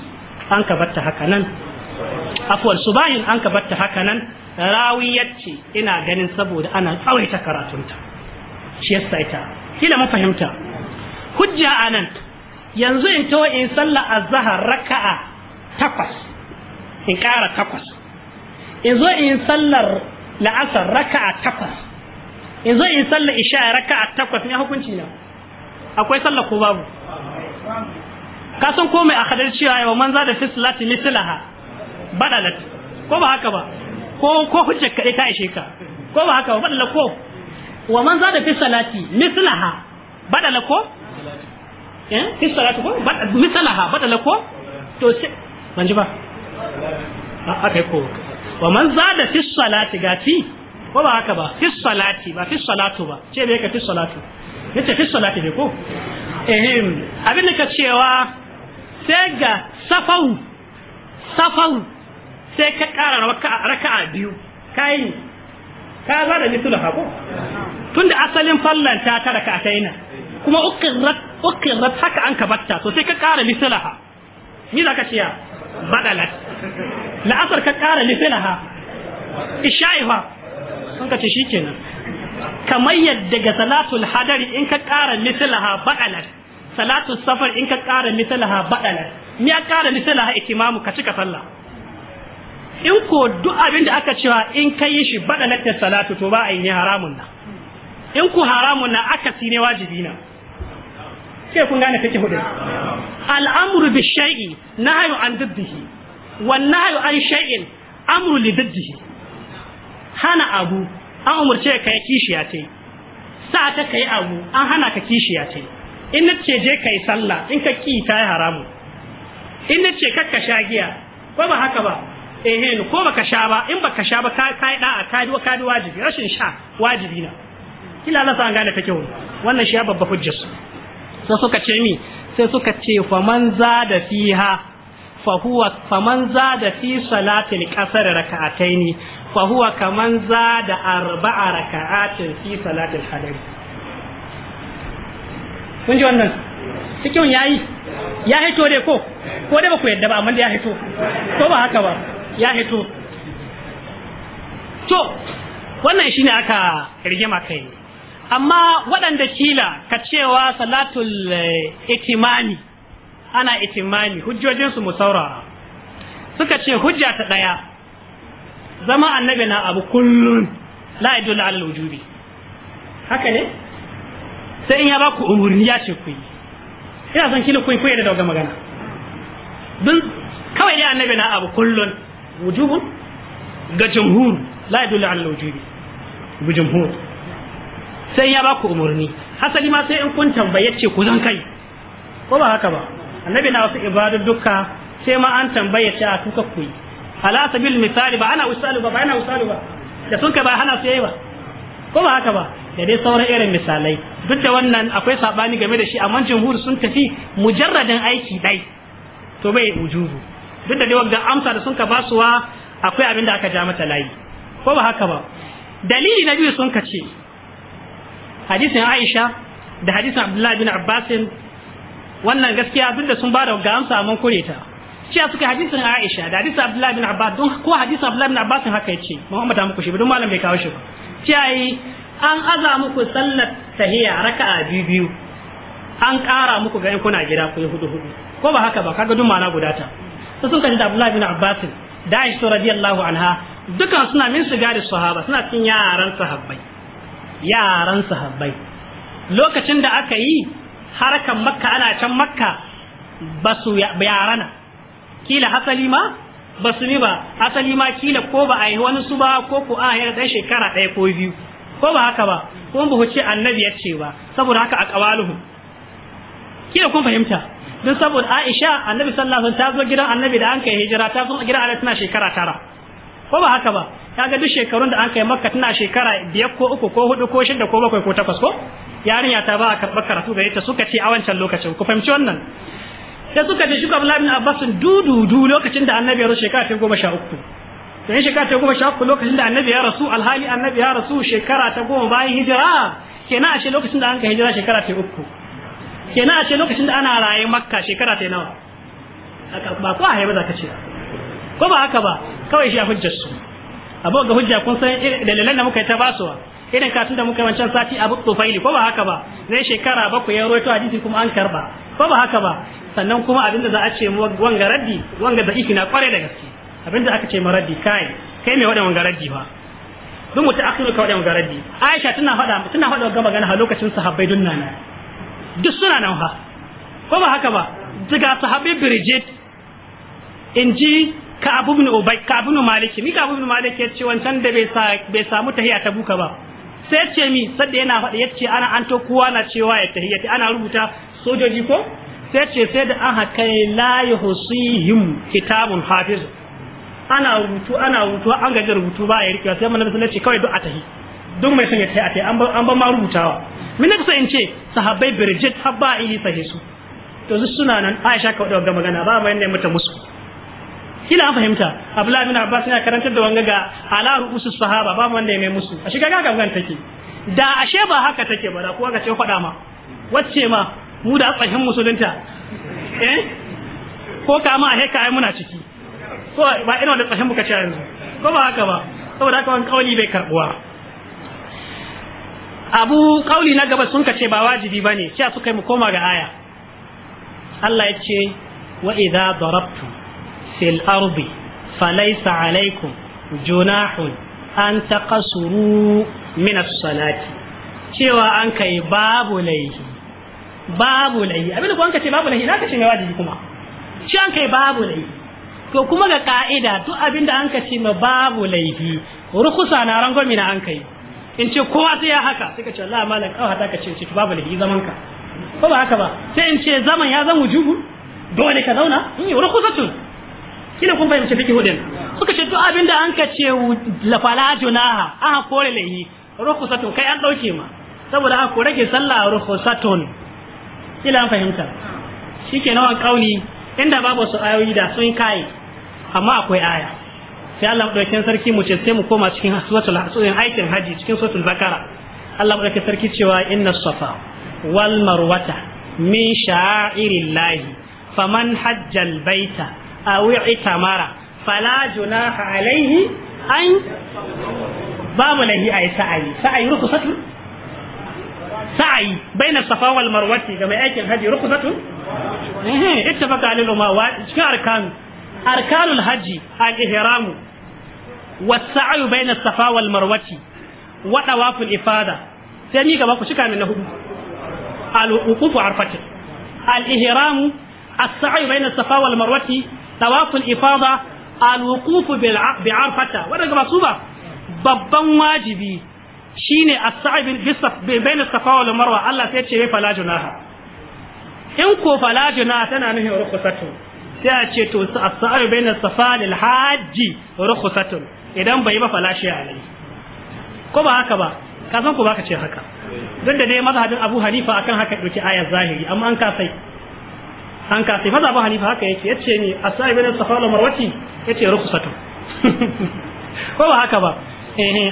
an ka batta haka nan afwal subahin an ka batta haka nan rawiyar ce ina ganin saboda ana tsawaita karatunta shi sa ita kila mafahimta. fahimta hujja anan yanzu in to in sallah zahar raka'a takwas in ƙara takwas in zo in sallar la'asar raka'a takwas in zo in sallar isha raka'a takwas ne hukunci ne akwai sallar ko babu ka san ko mai akadar cewa yau manza da fi salati mislaha badalat ko ba haka ba ko ko hujjar ka ta ishe ka ko ba haka ba badala ko wa man zada fi salati mislaha badala ko eh fi salati ko mislaha badala ko to se ban ba a aka ko wa man zada fi salati gati ko ba haka ba fi salati ba fi salatu ba ce me ka fi salatu yace fi salati ne ko eh abin ka cewa sai ga safau safau sai ka kara raka'a biyu kai ka za da misulu hako tunda asalin fallan ta tara ka taina kuma ukirrat ukirrat haka an ka batta to sai ka kara misalaha ni za ka ciya badalat la'asar ka kara misalaha isha'ifa sun ka ce shikenan kamar yadda ga salatul hadari in ka kara misalaha badalat salatul safar in ka kara misalaha badalat ni ya kara misalaha itimamu ka cika sallah in ko duk abin da aka cewa in ka yi shi bada lattar salatu to ba a yi ne haramun na in ku haramun na aka si ne wajibi na ke kun gane kake hudu al'amru bi shay'i nahyu an diddihi wan nahyu an shay'in amru li diddihi hana abu an umurce ka yi ya ce sa ta kai abu an hana ka ya ce in na ce je kai sallah in ka ki ta yi haramu in na ce kakka sha giya ba ba haka ba eh ko baka sha ba in baka sha ba ka kai da ka duwa ka duwa wajibi rashin sha wajibi na kila Allah sa an gane take wannan wannan shi ya babba hujjar su sai suka ce mi sai suka ce fa man zada fiha fa huwa fa man zada fi salatil qasr raka'ataini fa huwa za zada arba'a rak'atin fi salatil hadari kun ji wannan cikin yayi ya hito dai ko ko dai ba ku yadda ba amma dai ya hito ko ba haka ba ya hito to wannan shine aka rigima kai amma waɗanda kila ka cewa salatul eh, itimani ana itimani hujjojinsu mu suka ce hujja ta ɗaya zama annabi na abu kullun la idul alal wujubi haka ne sai in ya ba ku umurni ya ce ku ina son kila kun koyar da daga magana dun kawai dai annabi na abu kullun wujubun ga jamhur la yadullu ala wujubi bi jamhur sai ya baku umarni hasali ma sai in kun tambaye ce ku zan kai ko ba haka ba annabi na wasu ibadu duka sai ma an tambaye ce a kuka ku ala sabil misali ba ana usalu ba ba ana usalu ba da sun kai ba hana su yayi ba ko ba haka ba da dai sauran irin misalai duk da wannan akwai sabani game da shi amma jamhur sun tafi mujarradin aiki dai to bai wujubu duk da dai wanda amsa da sun ka basuwa akwai abin da aka ja mata layi ko ba haka ba dalili na biyu sun ka ce hadisin Aisha da hadisin Abdullahi bin Abbas wannan gaskiya duk da sun ba da amsa amma kure ta cewa suka hadisin Aisha da hadisin Abdullahi bin Abbas don ko hadisin Abdullahi bin Abbas haka yace Muhammad ta muku shi don malam bai kawo shi ba cewa an aza muku sallar tahiyya raka'a biyu biyu an ƙara muku ga kuna gida ku yi hudu hudu ko ba haka ba kaga duk ma'ana guda ta ta sun kaji da Abdullahi bin Abbas da Aisha radiyallahu anha dukan suna min shiga da sahaba suna cin yaran sahabbai yaran sahabbai lokacin da aka yi harkan makka ana can makka ba su yarana kila hasali ma ba su ba asali ma kila ko ba a yi wani su ba ko ku a yi ɗan shekara ɗaya ko biyu ko ba haka ba kuma ba ce annabi ya ce ba saboda haka a ƙawaluhu kila kun fahimta duk saboda Aisha annabi sallallahu alaihi wasallam ta zo gidan annabi da an kai hijira ta zo gidan annabi tana shekara tara ko ba haka ba kaga duk shekarun da an kai makka tana shekara biyar ko uku ko hudu ko shida ko bakwai ko takwas ko yarinya ta ba a karɓar karatu gare ta suka ce a wancan lokacin ku fahimci wannan sai suka ce shuka Abdullahi bin Abbas dududu lokacin da annabi ya rasu shekara ta goma sha uku da shekara ta goma sha uku lokacin da annabi ya rasu alhali annabi ya rasu shekara ta goma bayan hijira kenan a ce lokacin da an kai hijira shekara ta uku kenan a ce lokacin da ana rayu makka shekara ta nawa ba ko a haiba za ka ce ko ba haka ba kawai shi a hujjar su abu ga hujja kun san dalilan da muka yi ta basuwa irin katun da muka yi wancan sati abu tufaili ko ba haka ba zai shekara ba yi ya a hadisi kuma an karba ko ba haka ba sannan kuma abinda za a ce wanga raddi wanga da'ifi na kware da gaske abinda aka ce maraddi kai kai mai wadanda wanga raddi ba duk mutu akhiru ka wadan wanga raddi aisha tana faɗa tana faɗa ga magana a lokacin sahabbai dunna na duk suna nan ha ko ba haka ba daga sahabi Bridget in ji ka abu bin ubai ka abu maliki mi ka abu bin maliki ya ce wancan da bai samu tahiya ta buka ba sai ya ce mi sadda yana faɗi ya ce ana an to kowa na cewa ya tahiya ana rubuta sojoji ko sai ce sai da an haka la yuhsihim kitabun Hafizu, ana rubutu ana rubutu an gaji rubutu ba a yi rikewa sai manzo sallallahu alaihi kawai duk a tahi duk mai son ya yi a tayi an ba marubutawa rubutawa min na kusa in ce sahabbai birjit har ba yi sahi su to su suna nan aisha ka ga magana ba mai ne mata musu kila an fahimta abdullahi bin abbas yana karantar da wanga ga ala ru'usu sahaba ba wanda ya mai musu a shiga gaga gan take da ashe ba haka take ba da kuwa ga ce faɗa ma wacce ma mu da tsahin musulunta eh? ko kama a heka ai muna ciki ko ba ina da tsakin muka ce yanzu ko ba haka ba saboda haka wani kauli bai karbuwa abu kauli na gaba sun kace ba wajibi bane sai suka yi mu koma ga aya Allah ya ce wa idza darabtu fil ardi falaysa alaykum junahun an taqasuru min as-salati cewa an kai babu laihi babu laihi abin da an kace babu laihi na kace mai wajibi kuma shi an kai babu laihi to kuma ga ka'ida duk abin da an kace mai babu laihi rukusa na rangomi na an kai in ce kowa sai ya haka suka ce Allah malam kawa ta ka ce ce babu lafiya zaman ka ko ba haka ba sai in ce zaman ya zan wujubu dole ka zauna in yi rukusatun kina kun fahimci fiki hudin suka ce duk abinda an ka ce la fala junaha kore lahi rukusatun kai an dauke ma saboda aka rage ke sallah rukusatun kina an fahimta shikenan nawa kauni inda babu su ayoyi da sun kai amma akwai aya sai Allah madaukakin sarki mu ce sai mu koma cikin suratul hasurin aikin haji cikin suratul bakara Allah madaukakin sarki cewa inna safa wal marwata min sha'irillahi faman hajjal baita a aw i'tamara fala junaha alaihi an babu lahi yi sa'ayi sa'ayi rukusatu sa'ayi baina safa wal marwati ga mai aikin haji rukusatu eh ittafaqa alil umma wa cikin arkanu arkanul hajji al-ihramu was-sa'yu bayna as marwati wa tawaful ifada sai ni gaba ku min na hudu al-wuqufu arfati al-ihramu ifada ba babban wajibi shine as-sa'yu bayna as-safa wal marwa Allah sai ya ce fala junaha in ko fala junaha tana nuhin rukhsatu sai a ce to a saar na safa lil hajji rukusatun idan bai ba a alai ko ba haka ba ka san ba ka ce haka duk da dai mazhabin Abu Hanifa akan haka ɗauki ayar zahiri amma an kasai an kasai maza abu Hanifa haka yake yace ne a saar na safa marwaci. Ya ce rukhsatun ko ba haka ba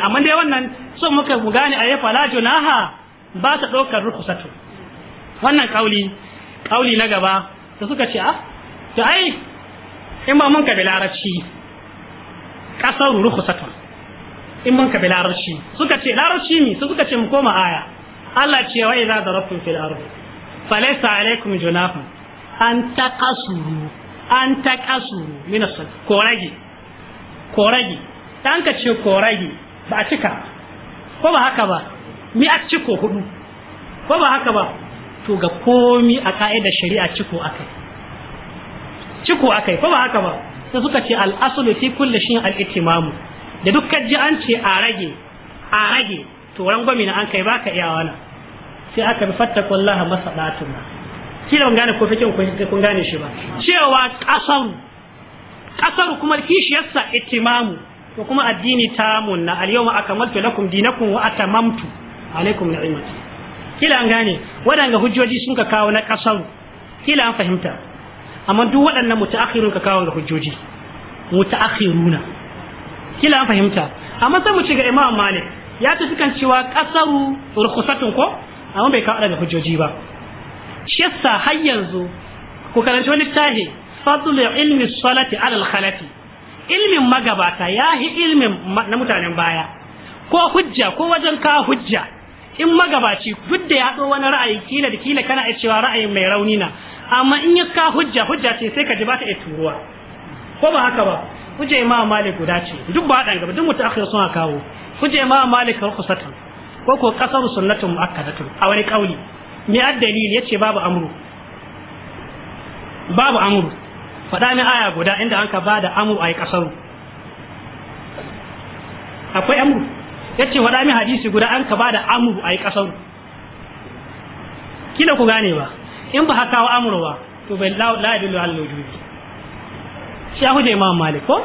amma dai wannan so muka gane falajo na ha ba ta ɗaukar rukhsatun wannan kauli kauli na gaba da suka ce a ah, to ai in ba mun ka bi larabci kasar rukhsatun in mun ka bi larabci suka ce larabci mi su suka ce mu koma aya Allah ce wa idza darabtum fil ardi falaysa alaykum junahun an taqasuru an taqasuru min as korage korage dan ka ce korage ba a cika ko ba haka ba mi a ciko hudu ko ba haka ba to ga komi a ka'idar shari'a ciko akai ciko akai fa ba haka ba sai suka ce al'asulu, aslu fi kulli shay'in al da dukkan ji an ce a rage a rage to rangwame na an kai baka iyawa na sai aka bi fattakullaha masadatun kila ban gane ko fikin kun gane shi ba cewa kasaru kasaru kuma kishiyarsa itimamu ko kuma addini tamun na al-yawma akamaltu lakum dinakum wa atamamtu alaikum ni'mati kila an gane wadanga hujjoji sun ka kawo na kasaru kila an fahimta amma duk waɗannan mutaakhirun ka kawo ga hujjoji mutaakhiruna kila an fahimta amma sai mu ci ga Imam Malik ya tafi kan cewa qasaru rukhsatun ko amma bai kawo daga hujjoji ba shi yasa har yanzu ku karanci wani tahi fadl ilmi salati ala al-khalati ilmin magabata ya hi ilmin na mutanen baya ko hujja ko wajen ka hujja in magabaci duk da ya haɗo wani ra'ayi kila da kila kana cewa ra'ayin mai rauni na amma in ya ka hujja hujja ce sai ka ji ba ta iya turuwa ko ba haka ba hujja ma malik guda ce duk ba dan gaba duk mutaakhir suna kawo hujja ma malik rukhsata ko ko qasar sunnatun muakkadatun a wani kauli me addalil yace babu amru babu amru fada ni aya guda inda an ka ba da amur a yi akwai amru. ya ce faɗa hadisi guda an ka ba da amur a yi kila ku gane ba in ba haka wa amurwa to bai la yadullu ala wujudi shi ya huje imam malik ko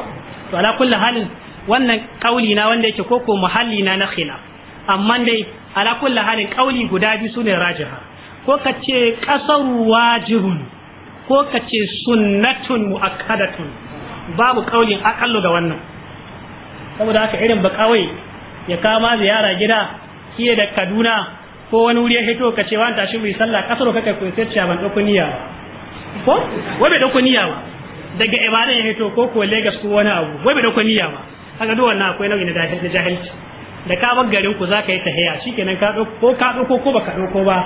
to ala kulli halin wannan kauli na wanda yake koko muhalli na na khilaf amma dai ala kulli halin kauli guda biyu sune rajiha ko kace qasaru wajibun ko kace sunnatun muakkadatun babu kaulin akallu ga wannan saboda haka irin ba kawai ya kama ziyara gida kiye da Kaduna ko wani wuri ya hito ka ce wanda tashi mai sallah kasar kaka ko sai ce ban dauko niyya ko wai bai dauko niyya ba daga 'ibada ya hito ko ko Lagos ko wani abu wai bai dauko niyya ba haka duk wannan akwai nau'i na jahilci da ka bar garin ku zaka yi tahiya shikenan ka ko ka dauko ko baka dauko ba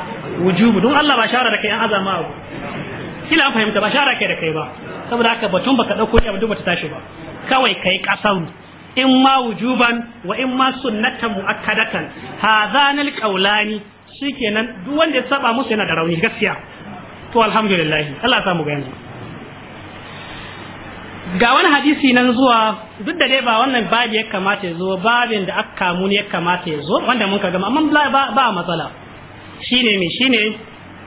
wujubu don Allah ba shara da kai an azama abu kila an fahimta ba shara kai da kai ba saboda haka batun baka dauko ya ba duk bata tashi ba kawai kai kasar in ma wujuban wa in ma sunnatan muakkadatan hadhanal qawlani shikenan duk wanda ya saba musu yana da rauni gaskiya to alhamdulillah Allah ya samu gani ga wani hadisi nan zuwa duk da dai ba wannan babi ya kamata ya zo babin da aka kamu ne ya kamata ya zo wanda mun ka gama amma ba ba matsala shine me shine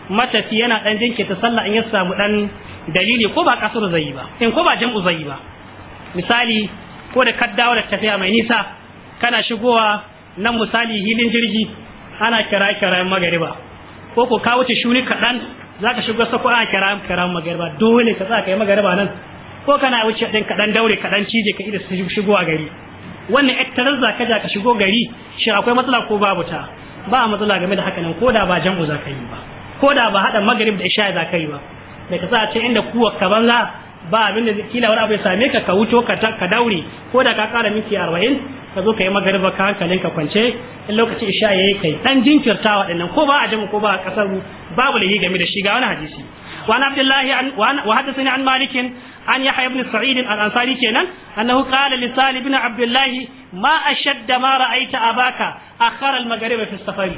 matafi yana dan ta sallah in ya samu dan dalili ko ba kasar zai ba in ko ba jam'u zai ba misali ko da ka dawo da tafiya mai nisa kana shigowa nan misali hilin jirgi ana kira kirayen magariba ko ko ka wuce shuni kaɗan za ka shigo sako ana kira kirayen magariba dole ka tsaka yi magariba nan ko kana wuce ɗin kaɗan daure kaɗan cije ka ida a gari wannan yar tarar ka ja ka shigo gari shi akwai matsala ko babu ta ba matsala game da haka nan ko da ba jam'u za ka yi ba ko da ba haɗa magarib da isha za ka yi ba da ka sa ce inda kuwa ka banza ba abin da kila wani abu ya same ka ka wuto ka ka daure ko da ka kara minti arba'in ka zo ka yi magariba ka hankalin ka kwance in lokacin isha yayi kai dan jinkirtawa waɗannan ko ba a jama ko ba a kasar babu lahi game da shi ga wani hadisi wa abdullahi wa hadathani an malikin an yahya ibn sa'id al-ansari kenan annahu qala li salih ibn abdullahi ma ashadda ma ra'aita abaka akhara al-maghrib fi safari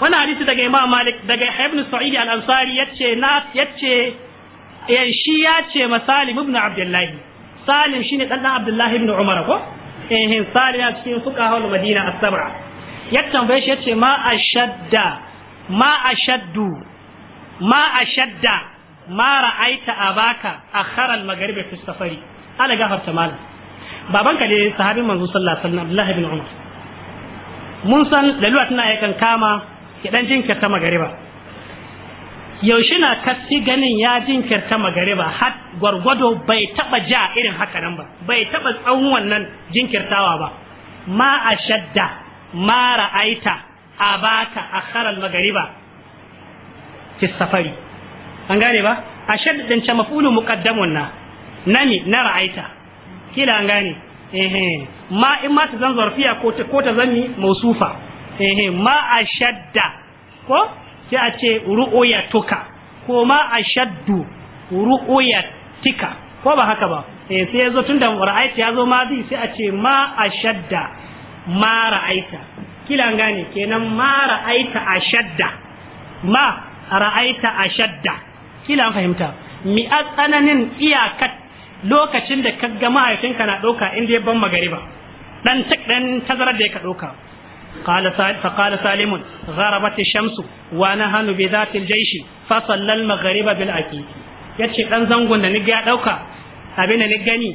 wannan hadisi daga imam malik daga yahya ibn sa'id al-ansari yace na yace eh shi ya ce ma Salim ibn Abdullahi Salim shine dan dan Abdullahi ibn Umar ko eh Salim ya cikin fuqaha al-Madina as-sab'a ya tambaye shi yace ma a ashadda ma a ashaddu ma ashadda ma ra'aita abaka a kharar maghribi fi safari ala gafarta mal babanka ne sahabin manzo sallallahu alaihi wasallam Abdullahi ibn Umar mun san da lalura tana yakan kama ya dan jinkirta magariba yaushe na kafi ganin ya jinkirta magariba har gwargwado bai taba ja irin haka nan ba bai taba tsawon wannan jinkirtawa ba ma a shadda ma ra'aita a baka a kharal magariba ki safari an gane ba a shadda din ce mafulu muqaddamun na nani na ra'aita kila an gane eh ma in ma ta zan zarfiya ko ta zan ta zanni mausufa eh ma a shadda ko sai a ce tuka, ko ma ashaddu tika, ko ba haka ba eh sai yazo tunda ra'aita yazo bi sai a ce ma ashadda ma ra'aita kila gane kenan ma ra'aita ashadda ma ra'aita ashadda kila fahimta mi tsananin iyakat lokacin da kaga mahaifinka na ɗauka inda ya ban magariba dan tak dan tazarar da ya ka ɗauka قال فقال سالم غربت الشمس ونهن بذات الجيش فصلى المغرب بالأكيد yace dan zangon da niga ya dauka abin da ni gani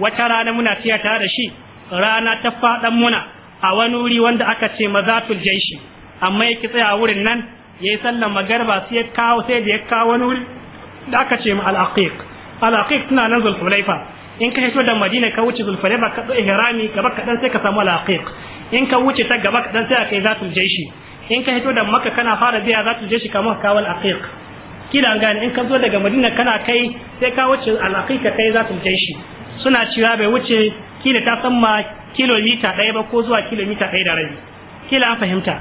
wata rana muna tiya tare da shi rana ta fadan muna a wani wuri wanda aka ce mazatul jaishi amma yake tsaya wurin nan yayi sallan magarba sai ya kawo sai da ya kawo wani wuri da aka ce ma al-aqiq al-aqiq tana nan zulhulaifa in ka hito da madina ka wuce ba ka tsaye harami gaba kaɗan sai ka samu alaƙiƙ in ka wuce ta gaba kaɗan sai a kai za su je shi. in ka hito da makka kana fara biya za su je shi kamar kawal alaƙiƙ kila an gane in ka zo daga madina kana kai sai ka wuce alaƙiƙ ka kai je shi. suna cewa bai wuce kila ta san ma kilomita ɗaya ba ko zuwa kilomita ɗaya da rabi kila an fahimta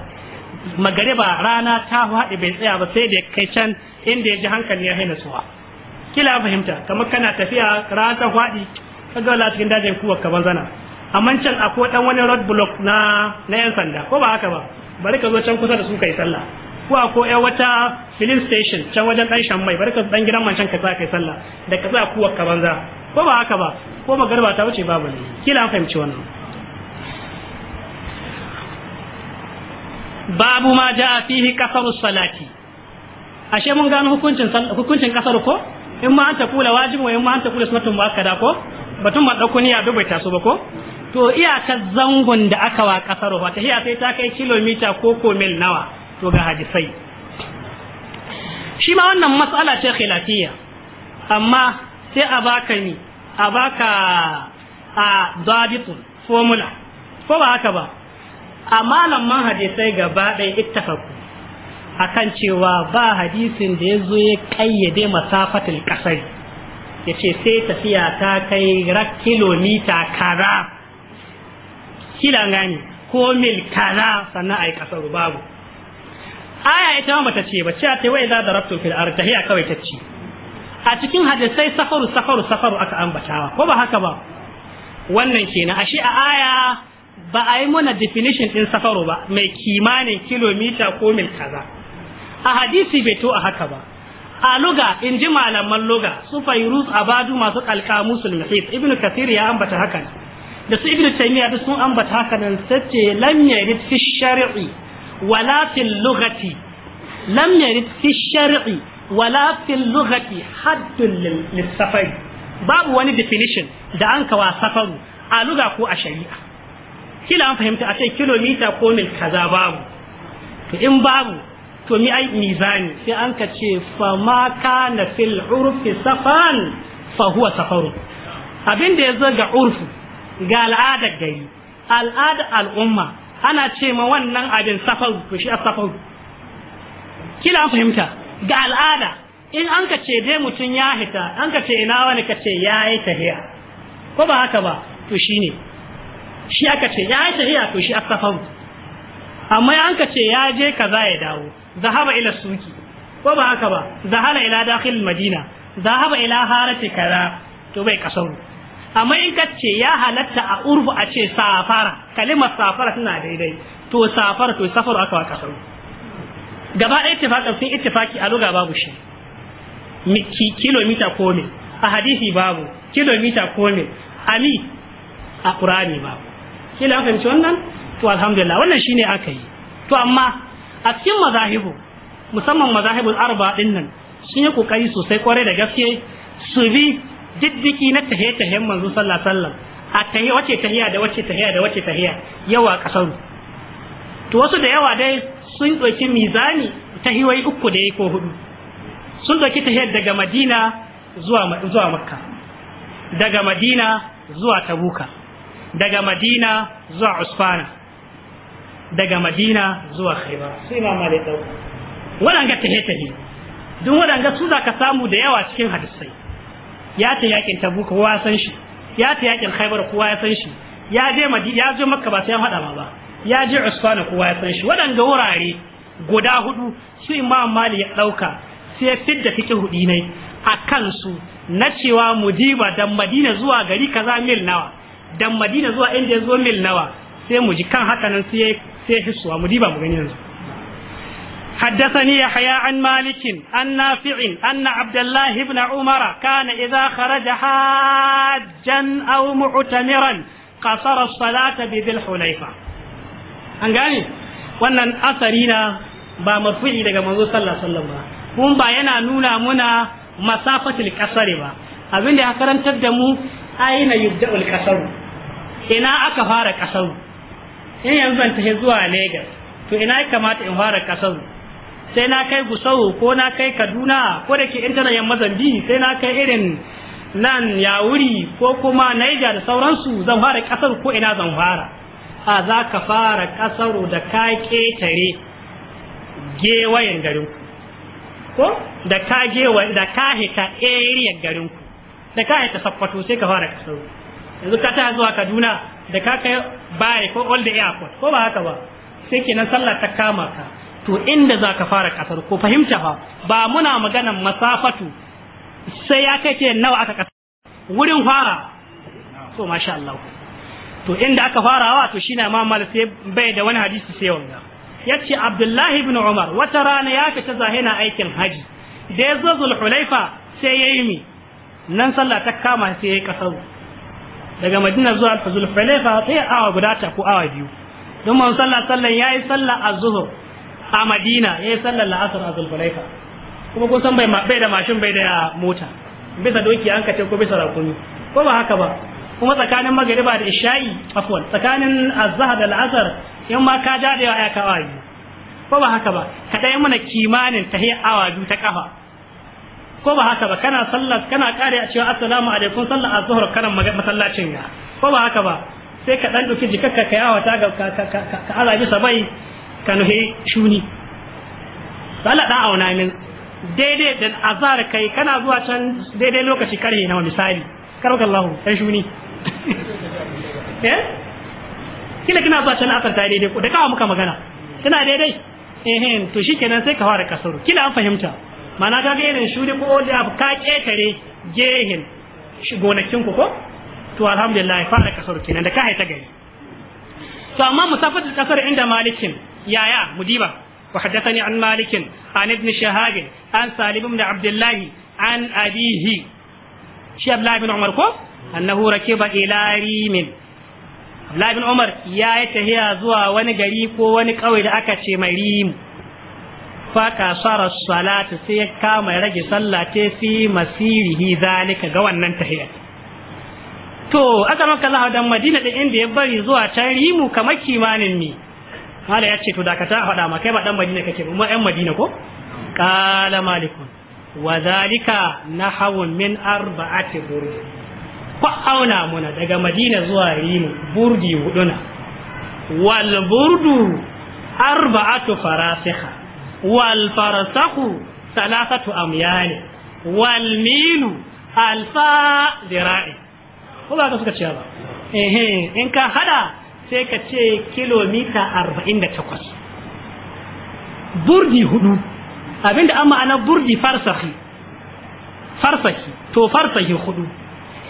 magariba rana ta haɗe bai tsaya ba sai da kai can inda ya ji hankali ya haina suwa kila fahimta kamar kana tafiya rana ta faɗi kaga la cikin dajin kuwa ka banzana amma can akwai dan wani road block na na yan sanda ko ba haka ba bari ka zo can kusa da su kai sallah ko akwai ai wata filin station can wajen dan shan mai bari ka dan gidan man can ka sa kai sallah da ka sa kuwa ka banza ko ba haka ba ko magarba ta wuce babu ne kila an fahimci wannan babu ma ja fihi kasaru salati ashe mun gano hukuncin hukuncin kasaru ko in ma an tafula wajibi wa in ma an tafula sunnatun muakkada ko batun ma dauko niyya duk bai taso ba ko to iyakar zangon da aka wa kasar wa ta hiya sai ta kai kilomita ko ko mil nawa to ga hadisai shi ma wannan mas'ala ce khilafiyya amma sai a baka ni a baka a dabitun formula ko ba haka ba a malaman hadisai gaba ɗaya ittafaku akan cewa ba hadisin da ya zo ya kayyade masafatul kasari ya ce sai tafiya ta kai kilomita kara kila gani ko mil kara sannan a yi kasaru babu aya ita ma bata ce ba ce ta wai za da rabtu fil ardi tahiya kawai ta ce a cikin hadisai safaru safaru safaru aka ambatawa ko ba haka ba wannan kenan ashe a aya ba a yi mana definition din safaru ba mai kimanin kilomita ko mil kaza a hadisi bai to a haka ba a luga in ji malaman luga su fayrus abadu masu alkamusul muhit ibn kathir ya ambata haka da su ibn taymiya da sun ambata haka nan sace lam yarid fi shar'i wala fil lughati lam yarid fi shar'i wala fil lughati haddun lisafari babu wani definition da an kawa safaru a luga ko a shari'a kila an fahimta a ce kilomita ko mil kaza babu to in babu to ni ai mizani sai an ka ce fa ma kana fil urfi safan fa huwa safaru abin da yazo ga urfu ga al'ada gari al'ada al'umma ana ce ma wannan abin safaru to shi safaru kila an fahimta ga al'ada in an ka ce dai mutum ya hita an ka ce ina wani ka ce ya yi tahiya ko ba haka ba to shi ne shi aka ce ya yi tahiya to shi safaru? amma an ka ce ya je kaza ya dawo zahaba ila suki ko ba haka ba zahala ila dakhil madina zahaba ila harati kaza to bai kasaru amma in ya halatta a urfu a ce safara kalimar safara tana daidai to safara to safaru aka wa kasaru gaba ɗaya ittifaqan sun ittifaki a luga babu shi kilomita ko me a hadisi babu kilomita ko me ami a qur'ani babu kila fahimci wannan to alhamdulillah wannan shine aka yi to amma a cikin mazahibu musamman mazahibul arba din nan sun yi kokari sosai kwarai da gaske su bi diddiki na tahiyyar tahiyyar manzo sallallahu alaihi wasallam a tahiyya wace tahiyya da wace tahiyya da wace tahiyya yawa kasaru to wasu da yawa dai sun ɗauki mizani tahiyoyi uku da yi ko hudu sun ɗauki tahiyyar daga madina zuwa zuwa makka daga madina zuwa tabuka daga madina zuwa usfana daga madina zuwa khaibar su Mali malik dauka waɗanga tahe tahe duk waɗanga su za ka samu da yawa cikin hadisai ya ta yakin tabuk kowa ya san shi ya ta yakin khaibar kowa ya san shi ya je madina ya je makka ba sai an hada ba ya je usfana kowa ya san shi waɗanga wurare guda hudu su imam Mali ya dauka sai fidda cikin hudi ne a kansu na cewa mujiba dan madina zuwa gari kaza mil nawa dan madina zuwa inda yazo mil nawa sai mu ji kan haka nan sai sai hiswa mu diba mu gani yanzu حدثني يحيى عن مالك عن نافع أن عبد الله بن عمر كان إذا خرج حاجا أو معتمرا قصر الصلاة بذي الحليفة أنقاني wannan asari na ba marfu'i daga manzo sallallahu alaihi wasallam ba kun ba yana nuna muna masafatul kasari ba abinda ya karantar da mu aina yubda'ul ina aka fara kasaru in yanzu zan tafi zuwa Legas to ina ya kamata in fara kasar sai na kai Gusau ko na kai Kaduna ko da ke intanet yan mazambi sai na kai irin nan Yawuri ko kuma Niger da sauransu zan fara kasar ko ina zan fara a za ka fara kasar da ka ketare gewayen garin ku? ko da ka da ka hita area garin ku? da ka hita sakkwato sai ka fara kasar yanzu ka ta zuwa Kaduna da ka kai baya ko all the airport ko ba haka ba sai kenan sallah ta kama ka to inda za ka fara kasar ko fahimta fa ba muna maganan masafatu sai ya kai ce nawa aka kasar wurin fara to masha Allah to inda aka farawa to shine na mal sai bai da wani hadisi sai Ya yace Abdullahi ibn Umar wata rana ya fita zahina aikin haji da yazo Zulhulaifa sai yayi mi nan sallah ta kama sai yi kasar daga madina zuwa alfazul Falefa sai awa guda ta ko awa biyu don man sallah sallan yi sallah a Zuhur a madina yayi sallar la'asar a zulfalaifa kuma kun san bai da mashin bai da mota bisa doki an kace ko bisa rakumi ko ba haka ba kuma tsakanin magariba da isha'i afwan tsakanin azhar da la'asar, yan ma ka ya da ya biyu? ko ba haka ba kadai mana kimanin tahiyya awa biyu ta kafa ko ba haka ba kana sallah kana kare a cewa assalamu alaikum sallah azhar kana masallacin ya ko ba haka ba sai ka dan duki jikakka ka yawa ta ga ka ala bisa bai ka nuhi shuni sallah da auna min daidai da azhar kai kana zuwa can daidai lokaci kare na misali karaka Allah kai shuni eh kila kina zuwa can asar ta daidai ko da kawo muka magana kina daidai eh to shikenan sai ka fara kasaro kila an fahimta mana ka ga irin shuri ko da ka ketare gehen gonakin ku ko to alhamdulillah fara kasar kenan da ka haita gari to amma musafir kasar inda malikin yaya mudiba وحدثني عن مالك عن ابن شهاب عن سالم Abdullahi, عبد الله عن أبيه شيخ عبد الله بن عمر كو أنه ركب إلى ريم Abdullahi bin Umar ya yi tahiya zuwa wani gari ko wani ƙauye da aka ce mai Rimu fakasara salata sai ya kama ya rage sallah ta fi masirihi zalika ga wannan tahiyar to aka maka Allah dan Madina da inda ya bari zuwa can rimu kamar kimanin ni hala ya ce to dakata faɗa ma kai ba dan Madina kake ba ɗan Madina ko qala malikun wa zalika nahawun min arba'ati burdi ko auna muna daga Madina zuwa rimu burdi huduna wal burdu arba'atu farasiha wal farsahu salasatu amyani wal milu alfa dira'i ko ba ka suka ce ba eh in ka hada sai ka ce kilomita 48 burdi hudu abinda an ma'ana burdi farsahi farsahi to farsahi hudu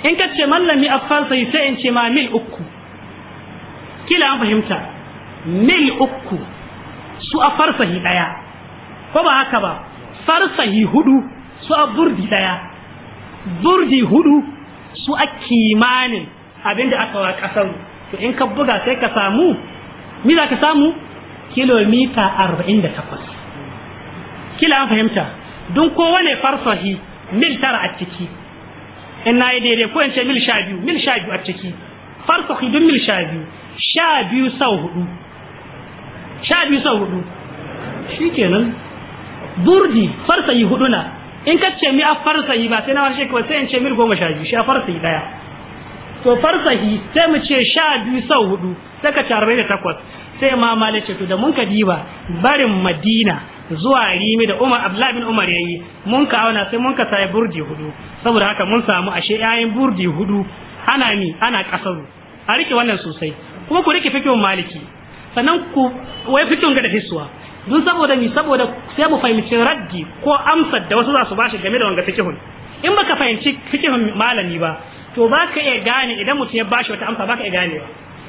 in ka ce mallami a farsahi sai in ce ma mil uku kila an fahimta mil uku su a farsahi daya ko ba haka ba farsahi hudu su a burdi daya burdi hudu su a kimanin abinda aka wa kasar to in ka buga sai ka samu mi za ka samu kilomita 48 kila an fahimta don kowane farsahi mil tara a ciki in na yi daidai ko in ce mil sha biyu mil sha biyu a ciki farsahi don mil sha biyu sha biyu sau hudu sha biyu sau hudu shi kenan burdi farsayi hudu na in ka ce mi a farsayi ba sai na washe kawai sai in ce mil goma sha biyu sha farsayi daya to yi sai mu ce sha biyu sau hudu sai ka ce da takwas sai ma malik ce to da mun ka diba barin madina zuwa rimi da umar abdullahi bin umar yayi mun ka auna sai mun ka sai burdi hudu saboda haka mun samu ashe yayin burdi hudu ana ni ana kasaru a rike wannan sosai kuma ku rike fikin maliki sannan ku wai fikin ga da hiswa dun saboda mi saboda sai mu fahimci raddi ko amsar da wasu za su bashi game da wanga fikihun in baka fahimci fikihun malami ba to baka iya gane idan mutum ya bashi wata amsa baka iya gane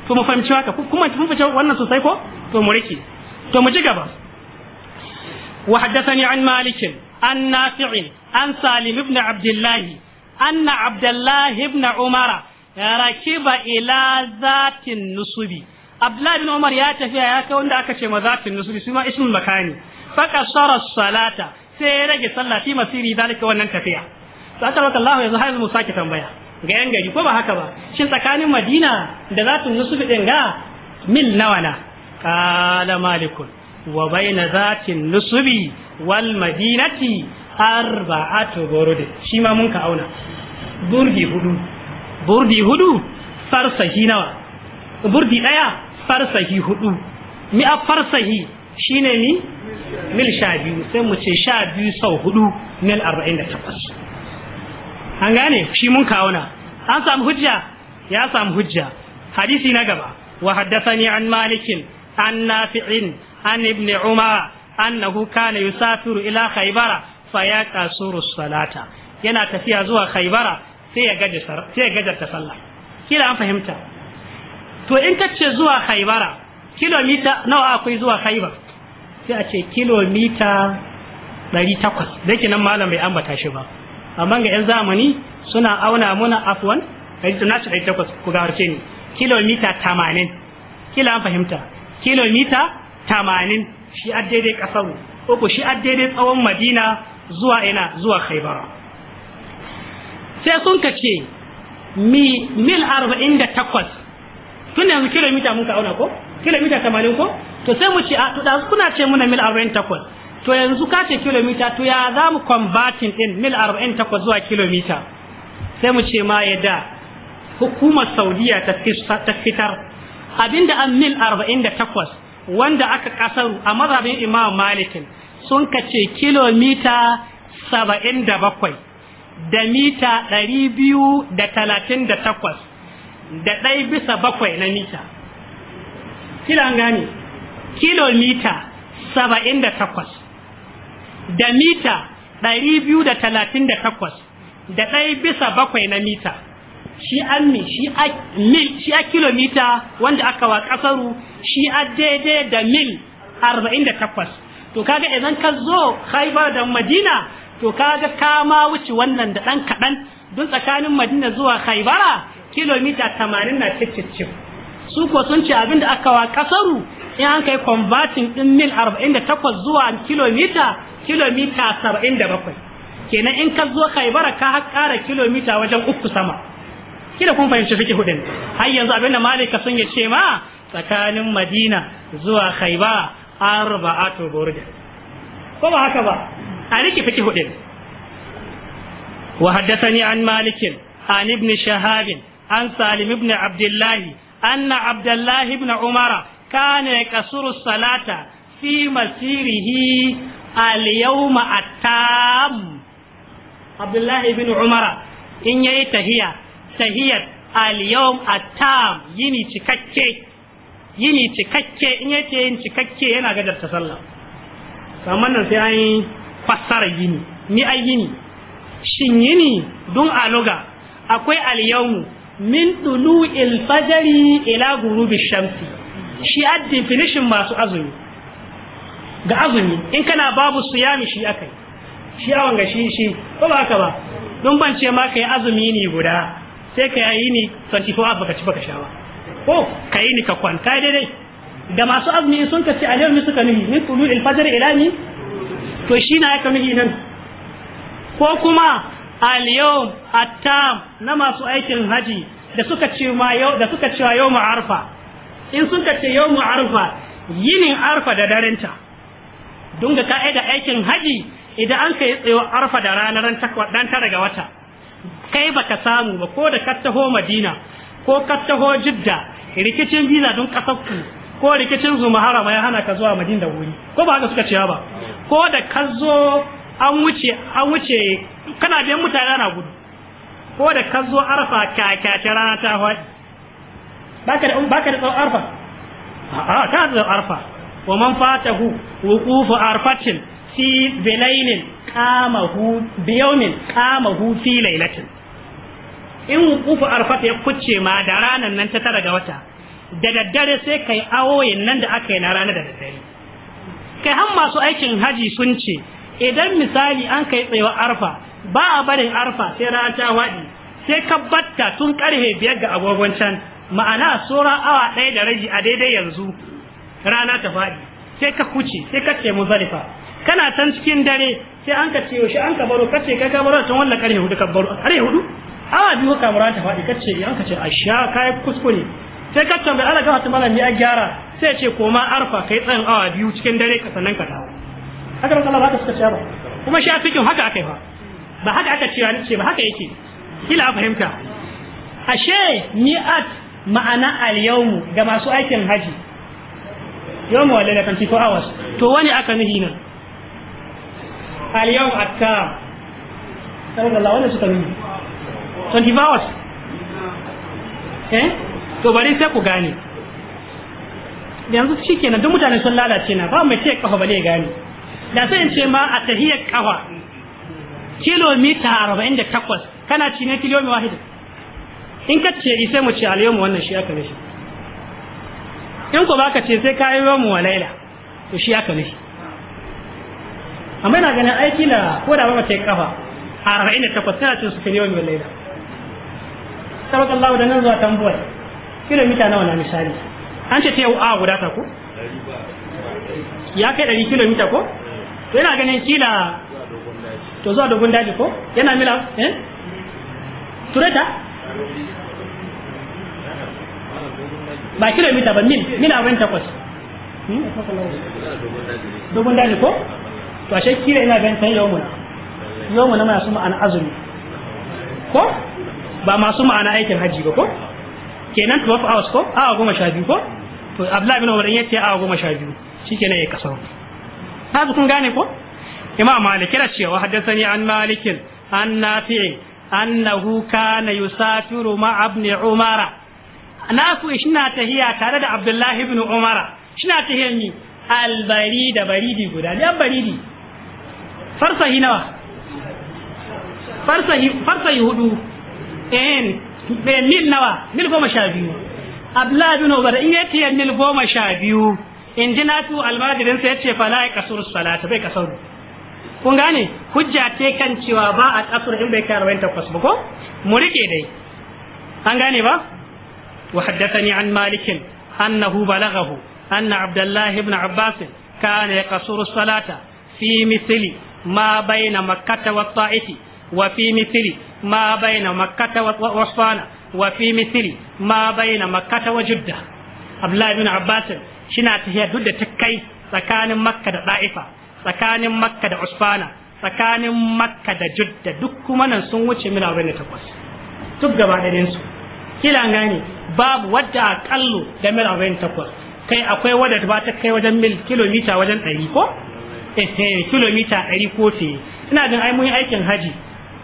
to mu fahimci haka kuma mun fice wannan sosai ko to mu rike to mu ji gaba wa haddathani an malik an nafi' an salim ibn abdullah anna abdullah ibn umara rakiba ila zatin nusubi abdullahi bin umar ya tafiya ya kai wanda aka ce mazatin nusri Su ma ismul makani fa qasara salata sai ya rage sallah fi masiri dalika wannan tafiya sai ta baka Allah ya zahir mu sake tambaya ga yan gari ko ba haka ba shin tsakanin madina da zatin nusri din ga mil nawa na qala malikun wa bayna zatin nusbi wal madinati arba'atu burud shi ma mun ka auna burdi hudu burdi hudu shi nawa burdi daya farsahi hudu mi a farsahi shine ni mil sha biyu sai mu ce sha biyu sau hudu mil arba'in da takwas an gane shi mun kawo na an samu hujja ya samu hujja hadisi na gaba wa haddathani an malikin an nafi'in an ibn umar annahu kana yusafiru ila khaybara fa ya kasuru salata yana tafiya zuwa khaybara sai ya gajarta sallah kila an fahimta to in ka ce zuwa haibara kilomita nawa akwai zuwa haibar sai a ce kilomita 800 da ke nan malam bai ambata shi ba amma ga 'yan zamani suna auna muna afuwan na ce 800 ku ga gawarce ni kilomita 80 kila an fahimta kilomita 80 shi a daidai kasar uku shi a daidai tsawon madina zuwa ina zuwa haibara sai sun ka ce mil 48 tun yanzu kilomita mun ka auna ko kilomita tamanin ko to sai mu ce a to da kuna ce muna mil 48 to yanzu ka ce kilomita to ya za mu converting din mil 48 zuwa kilomita sai mu ce ma yadda hukumar saudiya ta fitar abinda an mil 48 wanda aka kasaru a mazhabin imam malikin sun ka ce kilomita 77 da mita 238 da ɗai bisa bakwai na mita kila gani kilomita saba'in da takwas da mita ɗari biyu da talatin da takwas da ɗai bisa bakwai na mita shi an mi shi a kilomita wanda aka wa ƙasaru shi a daidai da mil arba'in da takwas to kaga idan ka zo haifa da madina to kaga kama wuce wannan da ɗan kaɗan don tsakanin madina zuwa haibara kilomita 80 na cicicif su ko sun ce abin da aka wa kasaru in an kai converting din mil 48 zuwa kilomita kilomita 77 kenan in ka zo kaibara ka har ƙara kilomita wajen uku sama kida kun fahimci fiki hudin har yanzu abin da malika sun ya ce ma tsakanin madina zuwa khaiba arba'atu burda ko ba haka ba a rike fiki hudin wa haddathani an malikin an ibn shahabin عن سالم بن عبد الله أن عبد الله بن عمر كان يكسر الصلاة في مسيره اليوم التام عبد الله بن عمر إن يتهيأ tahiyar اليوم التام يني تككي yini cikakke in yace yin cikakke yana gadar ta sallah kamar nan sai an yi fassara yini ni ai yini shin yini dun aloga akwai aliyawun min ɗulu fajari ila gurubi shamsi shi a definition masu azumi ga azumi in kana babu siyami shi akai shi awan ga shi shi ko ba ka ba don ban ce ma yi azumi ne guda sai ka yi ni 24 hours baka ci baka sha ba ko ka yi ni ka kwanta daidai da masu azumi sun ka ce a yau suka nuhi min tulu il ila ni to shi na ya nuhi nan ko kuma al-yawm na masu aikin haji da suka ce ma yau da suka yau mu arfa in sun ka ce mu arfa yinin arfa da darenta don ga ka'ida aikin haji idan an kai tsayo arfa da ranar dan tara ga wata kai baka samu ba ko da ka taho madina ko ka taho jidda rikicin visa don kasakku ko rikicin zuma harama ya hana ka zuwa madina da wuri ko ba haka suka ce ba ko da ka zo an wuce an wuce kana biyan mutane ana gudu ko da ka zo arfa ta rana ta hawaii baka da baka da tsawon arfa a'a ka da arfa wa man fatahu wuqufu arfatin fi bilailin qamahu biyawmin qamahu fi lailatin in wuqufu arfata ya kucce ma da ranan nan ta tara ga wata da daddare sai kai awoyin nan da aka yi na rana da daddare kai har masu aikin haji sun ce idan misali an kai tsayawa arfa ba a barin arfa sai rana ta waɗi sai ka batta tun karhe biyar ga agogon can ma'ana sura awa ɗaya da raji a daidai yanzu rana ta faɗi sai ka kuce sai ka ce muzalifa kana can cikin dare sai an ka ce shi an ka baro kace kai ka baro tun wannan karhe hudu ka baro karhe hudu awa biyu ka mura ta faɗi kace an ka ce sha, kai kuskure sai ka tambaye Allah ga wata malami a gyara sai ce koma arfa kai tsayin awa biyu cikin dare ka sannan ka dawo haka ba Allah haka suka ce ba kuma shi a cikin haka akai ba ba haka aka ce ni ce ba haka yake kila fahimta ashe mi'at ma'ana al yawm ga masu aikin haji yawmu wa lailatan 24 hours to wani aka nihi nan al-yawm at sai saboda Allah wannan suka nihi 24 hours eh to bari sai ku gane yanzu kenan duk mutane sun lalace na ba mai ce kafa bale gane da sai in ce ma a tahiyar kawa kilomita 48 takwas kana ci ne kilomita wahida in ka ce sai mu ce alyawmu wannan shi aka nishi in ko ka ce sai ka yi mu wa laila to shi aka nishi amma yana ganin aiki na ko da ba mace kawa kafa arba'in da takwas kana cin su kilomita wa laila sabaka Allah da nan zuwa tambuwar kilomita nawa na misali an ce ta a guda ta ko ya kai ɗari kilomita ko to yana ganin kila to zuwa dogon daji ko yana mila eh tureta ba kilomita ba mil mil wani takwas hmm? dogon daji ko to ashe kila yana ganin ta yau muna yau muna masu ma'ana azumi ko ba masu ma'ana aikin hajji ba ko kenan 12 hours ko awa goma sha biyu ko to abdullahi bin umar yace awa goma sha biyu shikenan ya kasar ta kun gane ko imam malik yana cewa haddathani an malikin an nafi'in annahu kana yusafiru ma ibn umara nafi shina tahiya tare da abdullahi ibn umara shina tahiyan ni albari da baridi guda ne baridi farsahi nawa farsahi farsahi hudu eh mil nawa mil goma sha biyu abdullahi ibn umara in ya mil goma sha biyu in ji nafi'u almajirin sai yace fala ya kasuru salata bai kasuru kun gane hujja ce kan cewa ba a kasuru in bai kai arba'in takwas ba ko mu rike dai an gane ba wa haddathani an malikin annahu balaghahu anna abdullahi ibn abbas kana yaqsuru salata fi mithli ma bayna makkata wa ta'if wa fi mithli ma bayna makkah wa usfana wa fi mithli ma bayna makkata wa jiddah abdullahi ibn abbas shina tahiya duk da ta kai tsakanin makka da da'ifa tsakanin makka da usfana tsakanin makka da judda duk kuma nan sun wuce mil 48 duk gaba ɗayan su kila gane babu wadda akallu da mil takwas. kai akwai wadda ba ta kai wajen mil kilomita wajen 100 ko eh, eh kilomita 100 ko fiye ina jin ai mun aikin haji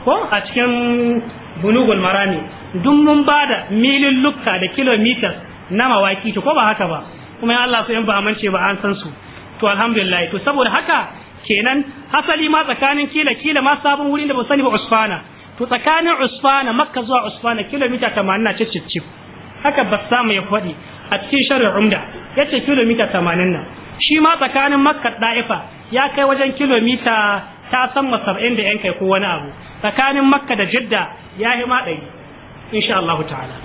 ko a cikin bulugul marami duk mun bada milin lukka da kilomita na mawaki ko ba haka ba kuma ya Allah so in ba amince ba an san su to alhamdulillah to saboda haka kenan hasali ma tsakanin kila kila ma sabon wurin da ba sani ba usfana to tsakanin usfana makka zuwa usfana kilomita 80 na cicicif haka ba samu ya faɗi a cikin shari'a umda ya ce kilomita 80 nan. shi ma tsakanin makka da'ifa ya kai wajen kilomita ta san ma 70 da yan kai ko wani abu tsakanin makka da jidda ya hima ma ɗari insha Allah ta'ala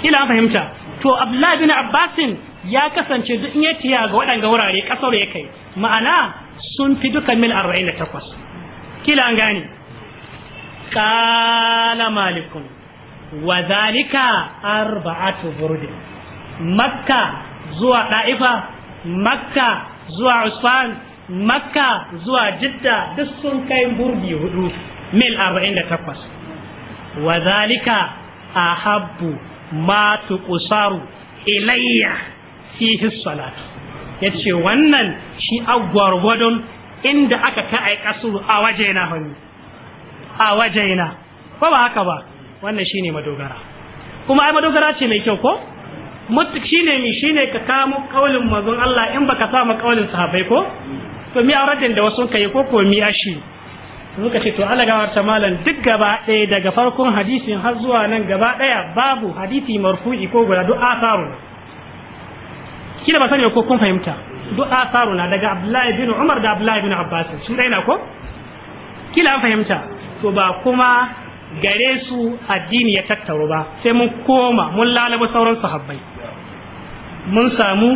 kila fahimta to abdullahi bin abbasin ya kasance duk in ya ga waɗanda wurare ƙasar ya kai ma'ana sun fi duka mil 48 kila an gani kala malikun wa zalika arba'atu burdin makka zuwa da'ifa makka zuwa usfan makka zuwa jidda duk sun kai burdi hudu mil 48 wa zalika ahabbu ma tuqsaru ilayya fihi salatu yace wannan shi agwargwadon inda aka ka ai kasuru a waje na hannu a waje na ko ba haka ba wannan shine madogara kuma ai madogara ce mai kyau ko shi shine mi shine ka kamo kaulin mazun Allah in baka sa ma kaulin sahabbai ko to mi auradin da wasu kai ko ko mi ashi muka ce to Allah ga warta malan duk gaba ɗaya daga farkon hadisin har zuwa nan gaba ɗaya babu hadisi marfu'i ko guda duk asaru kila ba sani ko kun fahimta duk asaru na daga Abdullahi bin Umar da Abdullahi bin Abbas sun dai na ko kila an fahimta to ba kuma gare su addini ya tattaro ba sai mun koma mun lalaba sauran sahabbai mun samu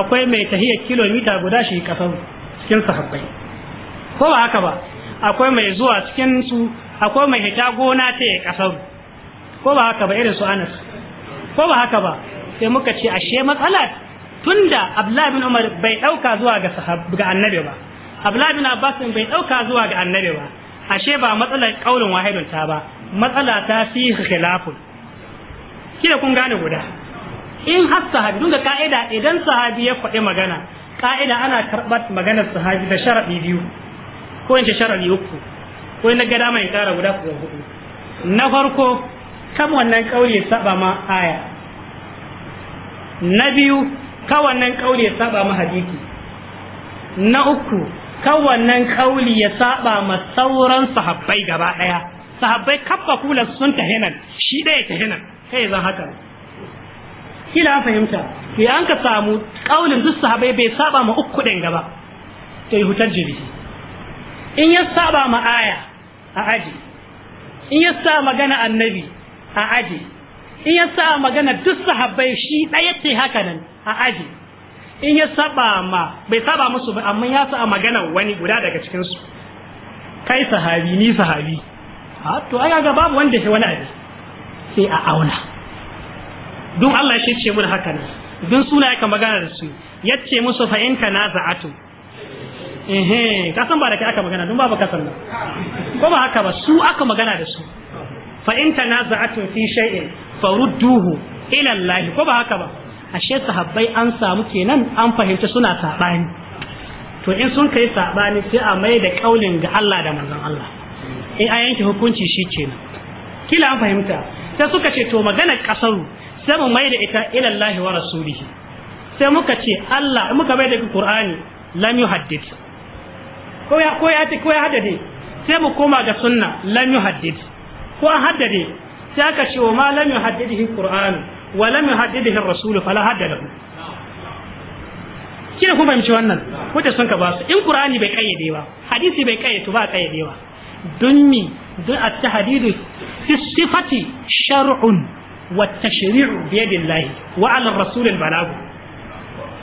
akwai mai tahiyar kilomita guda shi kasar cikin sahabbai ko ba haka ba akwai mai zuwa cikin su akwai mai hita gona ta ya kasar ko ba haka ba irin su Anas ko ba haka ba sai muka ce ashe matsalar tunda Abdullahi bin Umar bai dauka zuwa ga ga annabi ba Abdullahi bin Abbas bai dauka zuwa ga annabi ba ashe ba matsalar kaulin wahidun ta ba matsala ta fi khilafun kida kun gane guda in har sahabi dunga ka'ida idan sahabi ya faɗi magana ka'ida ana karɓar maganar sahabi da sharaɗi biyu ko in ce sharaɗi uku ko in ga dama in ƙara guda ku hudu na farko kan wannan kauli ya saba ma aya na biyu kawannan kauli ya saba ma hadisi na uku kawannan kauli ya saba ma sauran sahabbai gaba daya sahabbai kabba kula sun tahinan shi ta tahinan kai zan haka kila fahimta sai an ka samu kaulin duk sahabbai bai saba ma uku din gaba to yi hutar jibi in ya saba ma aya a aji in ya sa magana annabi a aji in ya sa magana duk sahabbai shi daya ce haka nan a aji in ya saba ma bai saba musu ba amma ya sa magana wani guda daga cikin su kai sahabi ni sahabi a to ai ga babu wanda shi wani aji sai a auna don Allah shi ce mun haka ne don suna yake magana da su yace musu fa in kana za'atu ehe ka san ba da kai aka magana don babu kasan nan ko ba haka ba su aka magana da su fa in za'atu fi shay'in farudduhu ila Allah ko ba haka ba ashe sahabbai an samu kenan an fahimci suna saɓani to in sun kai saɓani sai a mai da kaulin ga Allah da manzon Allah in a yanke hukunci shi kenan kila an fahimta sai suka ce to magana kasaru sai mu mai da ita ila Allah wa rasulihi sai muka ce Allah muka mai da Qur'ani lam yuhaddith ko ya ko ya ko ya haddade sai mu koma ga sunna lam yuhaddith ko an haddade sai aka ce wa ma lam Qur'ani ولم يحدده الرسول فلا حد له kina kuma fahimci wannan wacce sun ka ba su in qur'ani bai kayyade ba hadisi bai kayyade ba kayyade ba dun mi dun at-tahdidu fi sifati shar'un wa tashri'u bi yadillahi wa 'ala ar-rasul al-balagh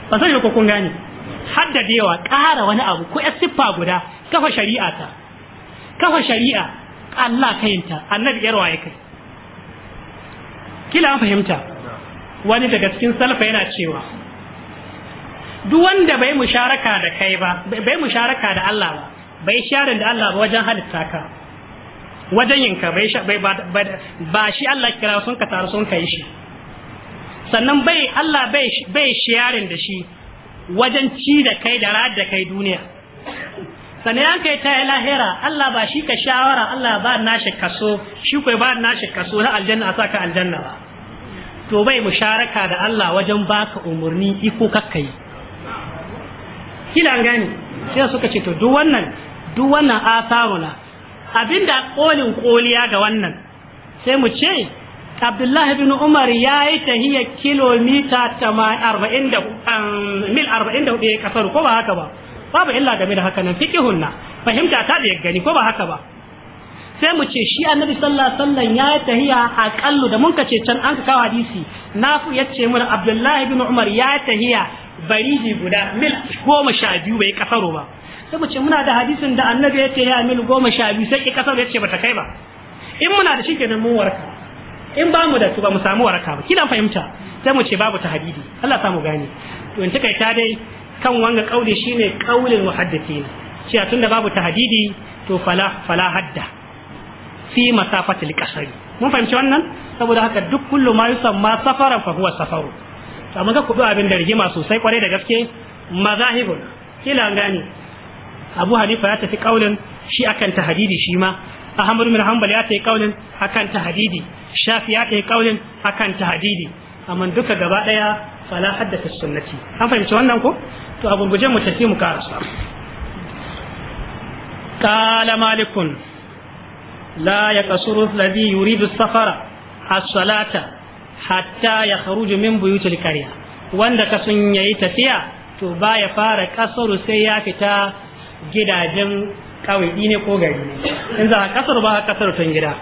ba sai ko kun gane haddadewa ƙara wani abu ko ya siffa guda kafa shari'a ta kafa shari'a Allah kayinta annabi yarwa ya kai kila an fahimta wani daga cikin salfa yana cewa duk wanda bai musharaka da kai ba bai musharaka da Allah ba bai sharin da Allah ba wajen halitta ka wajen yinka bai ba shi Allah kira sun ka taru sun kai shi sannan bai Allah bai sharin da shi wajen ci da kai da rad da kai duniya sannan an kai ta lahira Allah ba shi ka shawara Allah ba nashi kaso shi kai ba nashi kaso na aljanna a ka aljanna ba to bai musharaka da Allah wajen baka umarni iko kakkai kila an gani sai suka ce to duk wannan duk wannan asaruna abinda kolin koliya ga wannan sai mu ce Abdullahi bin Umar ya yi tahiyar kilomita 40 mil 44 ya kasar ko ba haka ba babu illa game da haka nan fikihunna fahimta ta da gani ko ba haka ba sai mu ce shi annabi sallallahu alaihi wasallam ya tahiya aqallu da mun kace can an kawo hadisi nafu yace mun abdullahi ibn umar ya yi tahiya bariji guda mil goma sha biyu bai kasaro ba sai mu ce muna da hadisin da annabi ya tahiya mil goma sha biyu sai ki kasaro ce bata kai ba in muna da shi kenan mun warka in ba mu da su ba mu samu waraka ba kila fahimta sai mu ce babu tahdidi Allah samu gane to in takaita dai kan wanga kauli shine kaulin muhaddisin cewa tunda babu tahdidi to fala fala hadda fi masafatil qasari mun fahimci wannan saboda haka duk kullum ma yusamma safaran fa huwa safaru to mun ga kudu abin da rigima sosai kwarai da gaske mazahibun kila gani Abu Hanifa ya tafi kaulin shi akan tahdidi shi ma Ahmad bin Hanbal ya tafi kaulin akan tahdidi Shafi ya tafi kaulin akan tahdidi amma duka gaba daya fala haddatha sunnati an fahimci wannan ko to abun guje mu tafi mu karasa قال مالك لا يقصر الذي يريد السفر الصلاة حتى يخرج من بيوت القرية wanda ka sun yayi tafiya to ba ya fara kasaru sai ya fita gidajen kawai ne ko gari ne in za a kasaru ba a kasaru tun gida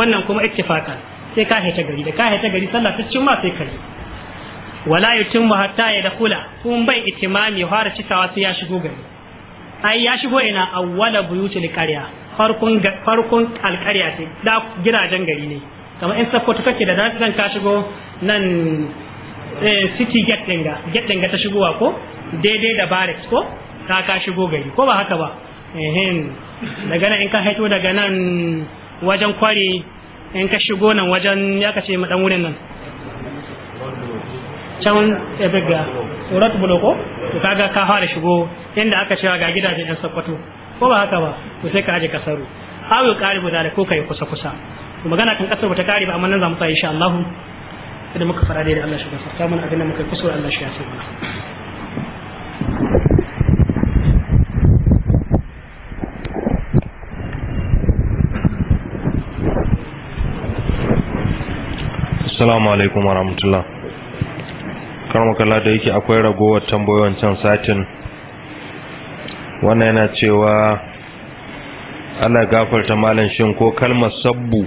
wannan kuma ittifaqan sai ka haita gari da ka haita gari sallah ta cin ma sai kai wala yutimmu hatta ya dakula kun bai itimami fara cikawa sai ya shigo gari ai ya shigo ina awwala buyutul qarya farkon farkon ce da girajen gari ne kamar in sakkwato kake da zan ka shigo nan eh, city gate ɗin gate ta shigowa ko daidai da barracks ko ka ka shigo gari ko ba haka ba ehem daga nan in ka haito daga nan wajen kwari in ka shigo nan wajen ya ka ce madan wurin nan can ebiga eh, tsoratu buloko to kaga ka fara shigo inda aka cewa ga gidajen yan sakkwato ko ba haka ba to sai ka aje kasaru aw ya kare guda da ko kai kusa kusa to magana kan kasar ta kare ba amma nan za mu tsaya insha Allah idan muka fara dai da Allah shi ka sarta mana abin da muka kusura Allah shi ya sa mana Assalamu alaikum warahmatullahi karmakalla da yake akwai ragowar tambayoyin can satin wannan yana cewa Allah gafarta malam shin ko kalmar sabbu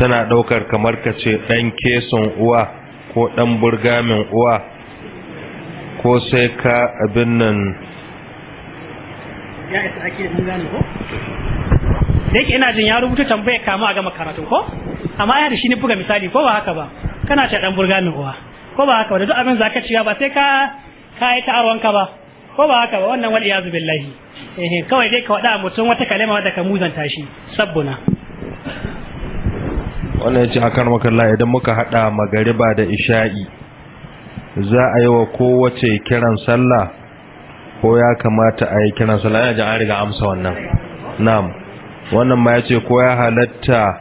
tana daukar kamar ka ce ɗan keson uwa ko ɗan burgamin uwa ko sai ka abin nan ya isa ake zanga gane ko da yake ina jin ya rubuta tambaya kama a gama karatu ko amma ya da shi ne buga misali ko ba haka ba kana ce ɗan burgamin uwa ko ba haka ba da duk abin ka ciya ba sai ka yi ta arwanka ba ko ba haka ba wannan wani iyazu billahi kawai dai ka wada mutum wata kalima da ka muzanta shi sabbuna wannan ya ce a kan makalla idan muka hada magariba da isha'i za a yi wa kowace kiran sallah ko ya kamata a yi kiran sallah yana jan an riga amsa wannan na'am wannan ma ya ce ko ya halatta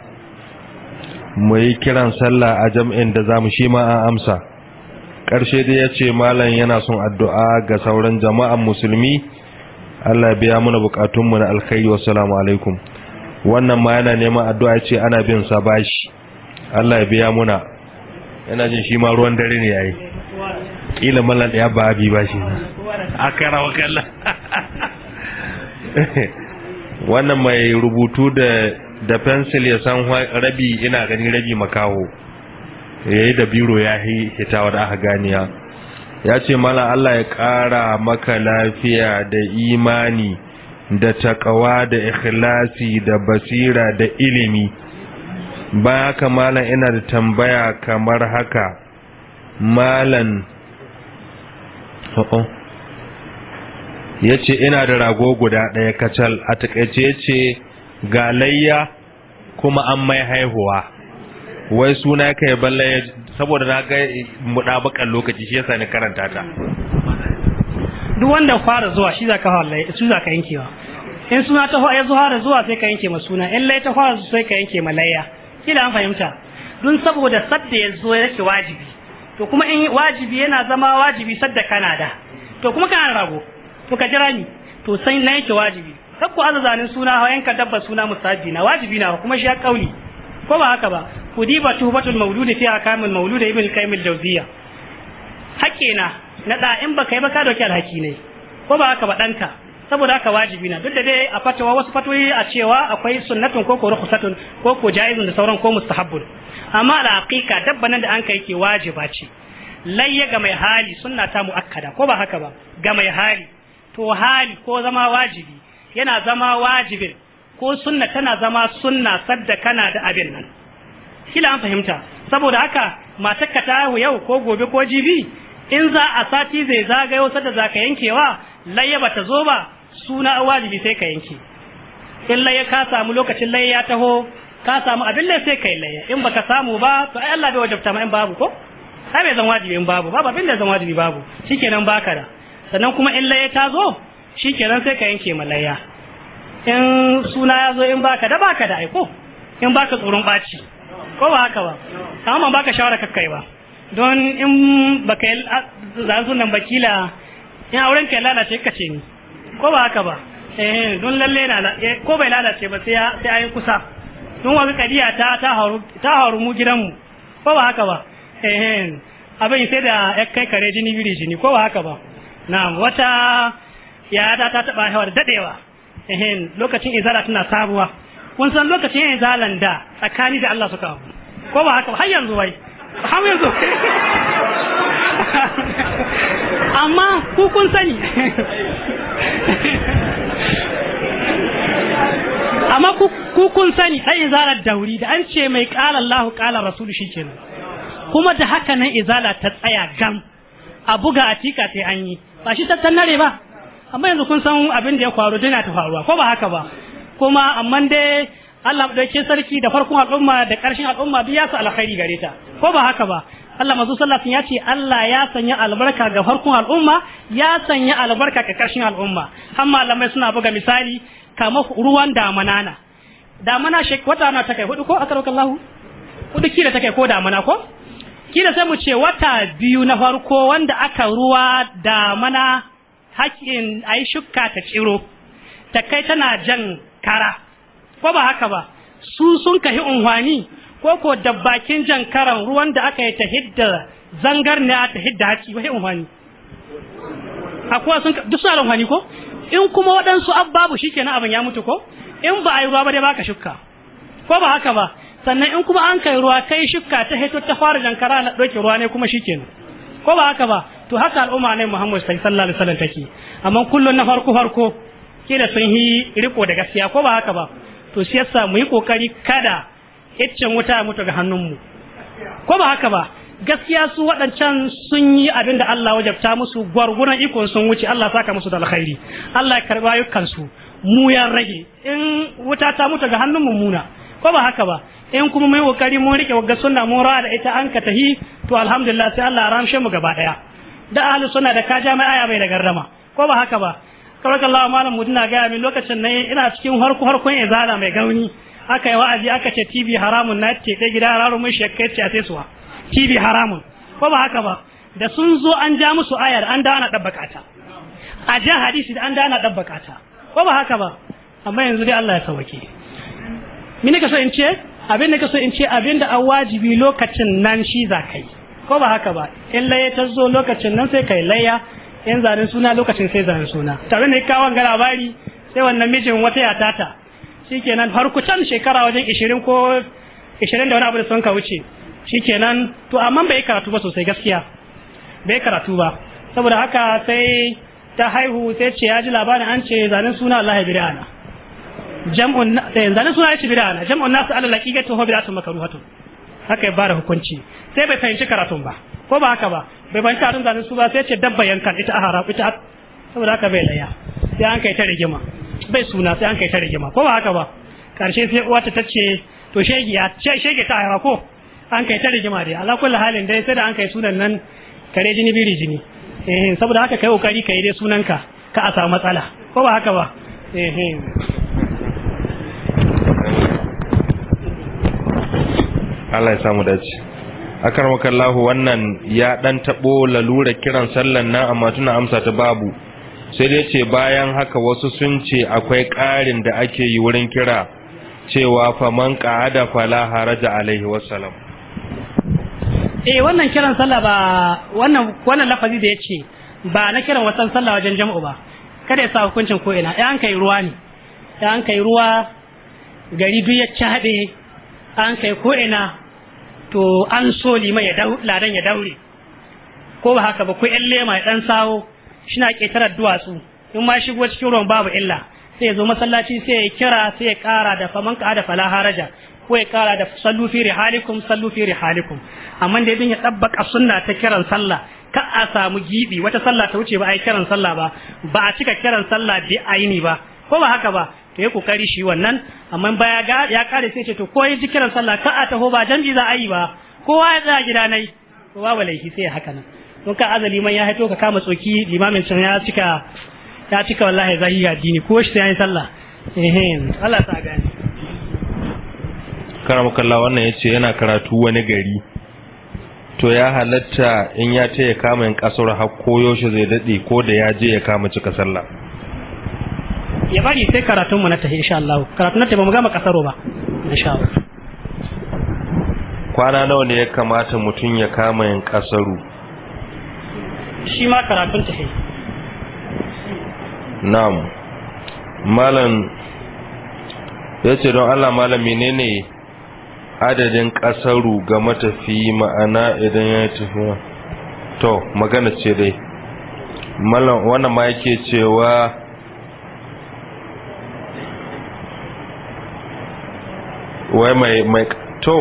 mu yi kiran sallah a jam'in da zamu shi ma an amsa ƙarshe dai ya ce malam yana son addu'a ga sauran jama'an musulmi Allah biya muna bukatunmu na alkhairi wa salamu alaikum wannan ma yana neman addu'a ce ana bin sa bashi Allah biya muna yana jin shi ma ruwan dare ne yayi kila mallan da ya ba abi bashi akara wa kalla wannan mai rubutu da da pencil ya san rabi ina gani rabi makaho yayi da biro ya hitawa da aka ganiya ya ce mala Allah ya ƙara maka lafiya da imani da takawa da ikhlasi da basira da ilimi ba haka malan ina da tambaya kamar haka malan ya ce ina da rago guda ɗaya kacal a taƙaice ce galayya kuma an mai haihuwa wai suna yi balle saboda na ga mudabakan lokaci shi yasa ni karanta ta duk wanda fara zuwa shi zaka halle su zaka yankewa in suna ta ya zuwa zuwa sai ka yanke ma suna in lai ta fara sai ka yanke ma layya kila an fahimta dun saboda sadda ya zo yake wajibi to kuma in wajibi yana zama wajibi sadda kana da to kuma kana rago to ka jira ni to sai na yake wajibi kakku azazanin suna hawa yanka dabba suna musabbi na wajibi na kuma shi ya kauli ko ba haka ba kudiba diba mawludi fi akamil mawludi ibn qayyim al-jawziya haƙƙina na da in baka yi ba ka dauki alhaki ne ko ba haka ba danka saboda haka wajibi na duk da dai a fatawa wasu fatoyi a cewa akwai sunnatun ko ko rukhsatun ko ko jaizun da sauran ko mustahabbun amma da haqiqa dabban da an kai ke wajiba ce layya ga mai hali sunna ta muakkada ko ba haka ba ga mai hali to hali ko zama wajibi yana zama wajibin ko sunna tana zama sunna sadda kana da abin nan kila an fahimta saboda haka ka ta yau ko gobe ko jibi in za a sati zai zagayo sadda za ka yankewa layya ba ta zo ba suna wajibi sai ka yanke in layya ka samu lokacin layya ya taho ka samu abin da sai kai layya in baka samu ba to ai Allah bai wajabta ma in babu ko ai bai zan wajibi in babu babu abin da zan wajibi babu shikenan baka da sannan kuma in layya ta zo shikenan sai ka yanke ma layya in suna ya zo in baka da baka da aiko in baka tsoron baci ko ba haka ba amma baka shawara kakkai ba don in baka su nan bakila in auren ka lalace ka ce ni ko ba haka ba eh don lalle na eh, ko bai lalace ba sai sai ayi kusa don wani kadiya ta ta haru ta haru mu gidan mu ko ba haka ba eh abin sai da ya kai kare jini biri jini ko ba haka ba na wata ya ta ta taba hawar dadewa eh lokacin izara tana sabuwa kun san lokacin yan zalan da tsakani da Allah suka hafu ko ba haka har yanzu wai har yanzu amma ku kun sani amma ku kun sani dan izalar dauri da an ce mai qala Allahu qala rasulu ke kuma da haka nan izala ta tsaya gam a buga a tika sai an yi ba shi tattannare ba amma yanzu kun san abin da ya faru dana ta faruwa ko ba haka ba kuma amma dai Allah madaukakin sarki da farkon al'umma da ƙarshen al'umma biya su alkhairi gare ta ko ba haka ba Allah mazu sallafin ya ce Allah ya sanya albarka ga farkon al'umma ya sanya albarka ga ƙarshen al'umma har malamai suna buga misali kama ruwan damanana damana wata na ta kai hudu ko aka Allah hudu kila ta kai ko damana ko kila sai mu ce wata biyu na farko wanda aka ruwa damana hakkin ayi shukka ta ciro ta kai tana jan jankara ko ba haka ba su sun kahi unhwani ko ko dabbakin jankaran ruwan da aka yi ta hidda zangar ne a ta hidda haci wahi unhwani akwai sun duk suna unhwani ko in kuma waɗansu ababu shikenan abin ya mutu ko in ba a yi ruwa ba dai ba ka shukka ko ba haka ba sannan in kuma an kai ruwa kai shukka ta hito ta fara jankara na ɗauke ruwa ne kuma shikenan ko ba haka ba to haka al'umma ne Muhammad sallallahu alaihi wasallam take amma kullun na farko farko kila sun yi riko da gaskiya ko ba haka ba to shi yasa mu yi kokari kada iccen wuta mutu ga hannunmu ko ba haka ba gaskiya su waɗancan sun yi abin da Allah wajabta musu gwargunan ikon sun wuce Allah saka musu da alkhairi Allah ya karɓi ayyukansu mu ya rage in wuta ta mutu ga hannun muna ko ba haka ba in kuma mai kokari mun rike wagga sunna mun rawa da ita an ka tahi to alhamdulillah sai Allah ya ramshe mu gaba daya da ahlus sunna da kaja mai aya bai da garrama ko ba haka ba saurakallah malam na gaya min lokacin na ina cikin harko izala mai gauni aka yi wa'azi aka ce tv haramun na ce ta gida haramun mai shekai ce a sai suwa tv haramun ko ba haka ba da sun zo an ja musu ayar an da ana ɗabba kata a ja hadisi da an da ana ɗabba kata ko ba haka ba amma yanzu dai Allah ya sauke me ne ka so in ce abin da ka so in ce abin da an wajibi lokacin nan shi za ka yi ko ba haka ba in laye ta zo lokacin nan sai kai layya in zanen suna lokacin sai zanen suna tare ne kawon ga labari sai wannan mijin wata ya tata shikenan har kucan shekara wajen 20 ko 20 da wani abu da sun ka wuce shikenan to amma bai karatu ba sosai gaskiya bai karatu ba saboda haka sai ta haihu sai ce ya ji labarin an ce zanen suna Allah ya bi ana jam'un eh, zanen suna ya ci bi ana jam'un nasu alal laqiqatu huwa bi'atun makruhatun haka ya bara hukunci sai bai fahimci karatun ba ko ba haka ba bai ban ta zanen su ba sai ce dabba yankan ita a harab ita saboda haka bai laya sai an kai ta rigima bai suna sai an kai ta rigima ko ba haka ba karshe sai uwa ta tace to shege ya shege ta haifa ko an kai ta rigima dai ala kullu halin dai sai da an kai sunan nan kare jini biri jini eh saboda haka kai kokari kai dai sunanka ka a samu matsala ko ba haka ba eh, eh. Allah ya samu dace akar makallahu wannan ya dan tabo lalura kiran sallan nan amma tuna amsa ta babu sai dai ce bayan haka wasu sun ce akwai ƙarin da ake yi wurin kira cewa fa man qa'ada fala haraja alaihi wasallam eh wannan kiran sallah ba wannan wannan lafazi da yace ba na kiran wasan sallah wajen jam'u ba kada ya sa hukuncin ko ina eh an kai ruwa ne eh an kai ruwa gari duk ya ci an kai ko ina to an so lima ya ladan ya daure ko ba haka ba ko yan lema ya dan sawo shina ketarar duwatsu in ma shigo cikin ruwan babu illa sai ya zo masallaci sai ya kira sai ya kara da faman ka da fala haraja ko ya kara da sallu fi rihalikum sallu fi rihalikum amma da yadda ya tabbaka sunna ta kiran sallah ka a samu gibi wata sallah ta wuce ba a yi kiran sallah ba ba a cika kiran sallah bi aini ba ko ba haka ba to ya kokari shi wannan amma baya ga ya kare sai ce to ko yi zikiran sallah ka a taho ba janji za a yi ba kowa ya tsaya gida nai to babu laifi sai haka nan don ka azali man ya haito ka kama tsoki limamin can ya cika ya cika wallahi ya dini ko shi sai yi sallah eh Allah ta gani karamakalla wannan yace yana karatu wani gari to ya halatta in ya taya kama in kasar har yaushe shi zai dade ko da ya je ya kama cika sallah ya bari sai karatun mu na tahi insha Allah karatun na tahi ba mu gama kasaro ba insha Allah kwana nawa ne ya kamata mutum ya kama yin kasaro shi ma karatun tahi na'am malam yace don Allah malam menene adadin kasaru ga matafi ma'ana idan ya tafi to magana ce dai malam wannan ma yake cewa wai mai mai to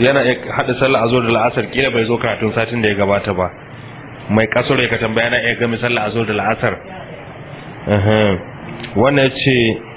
yana haɗa sallah a zo da la'asar kila bai zo karatun satin da ya gabata ba mai kasar ya ka tambaya na iya gami sallah a zo da la'asar wannan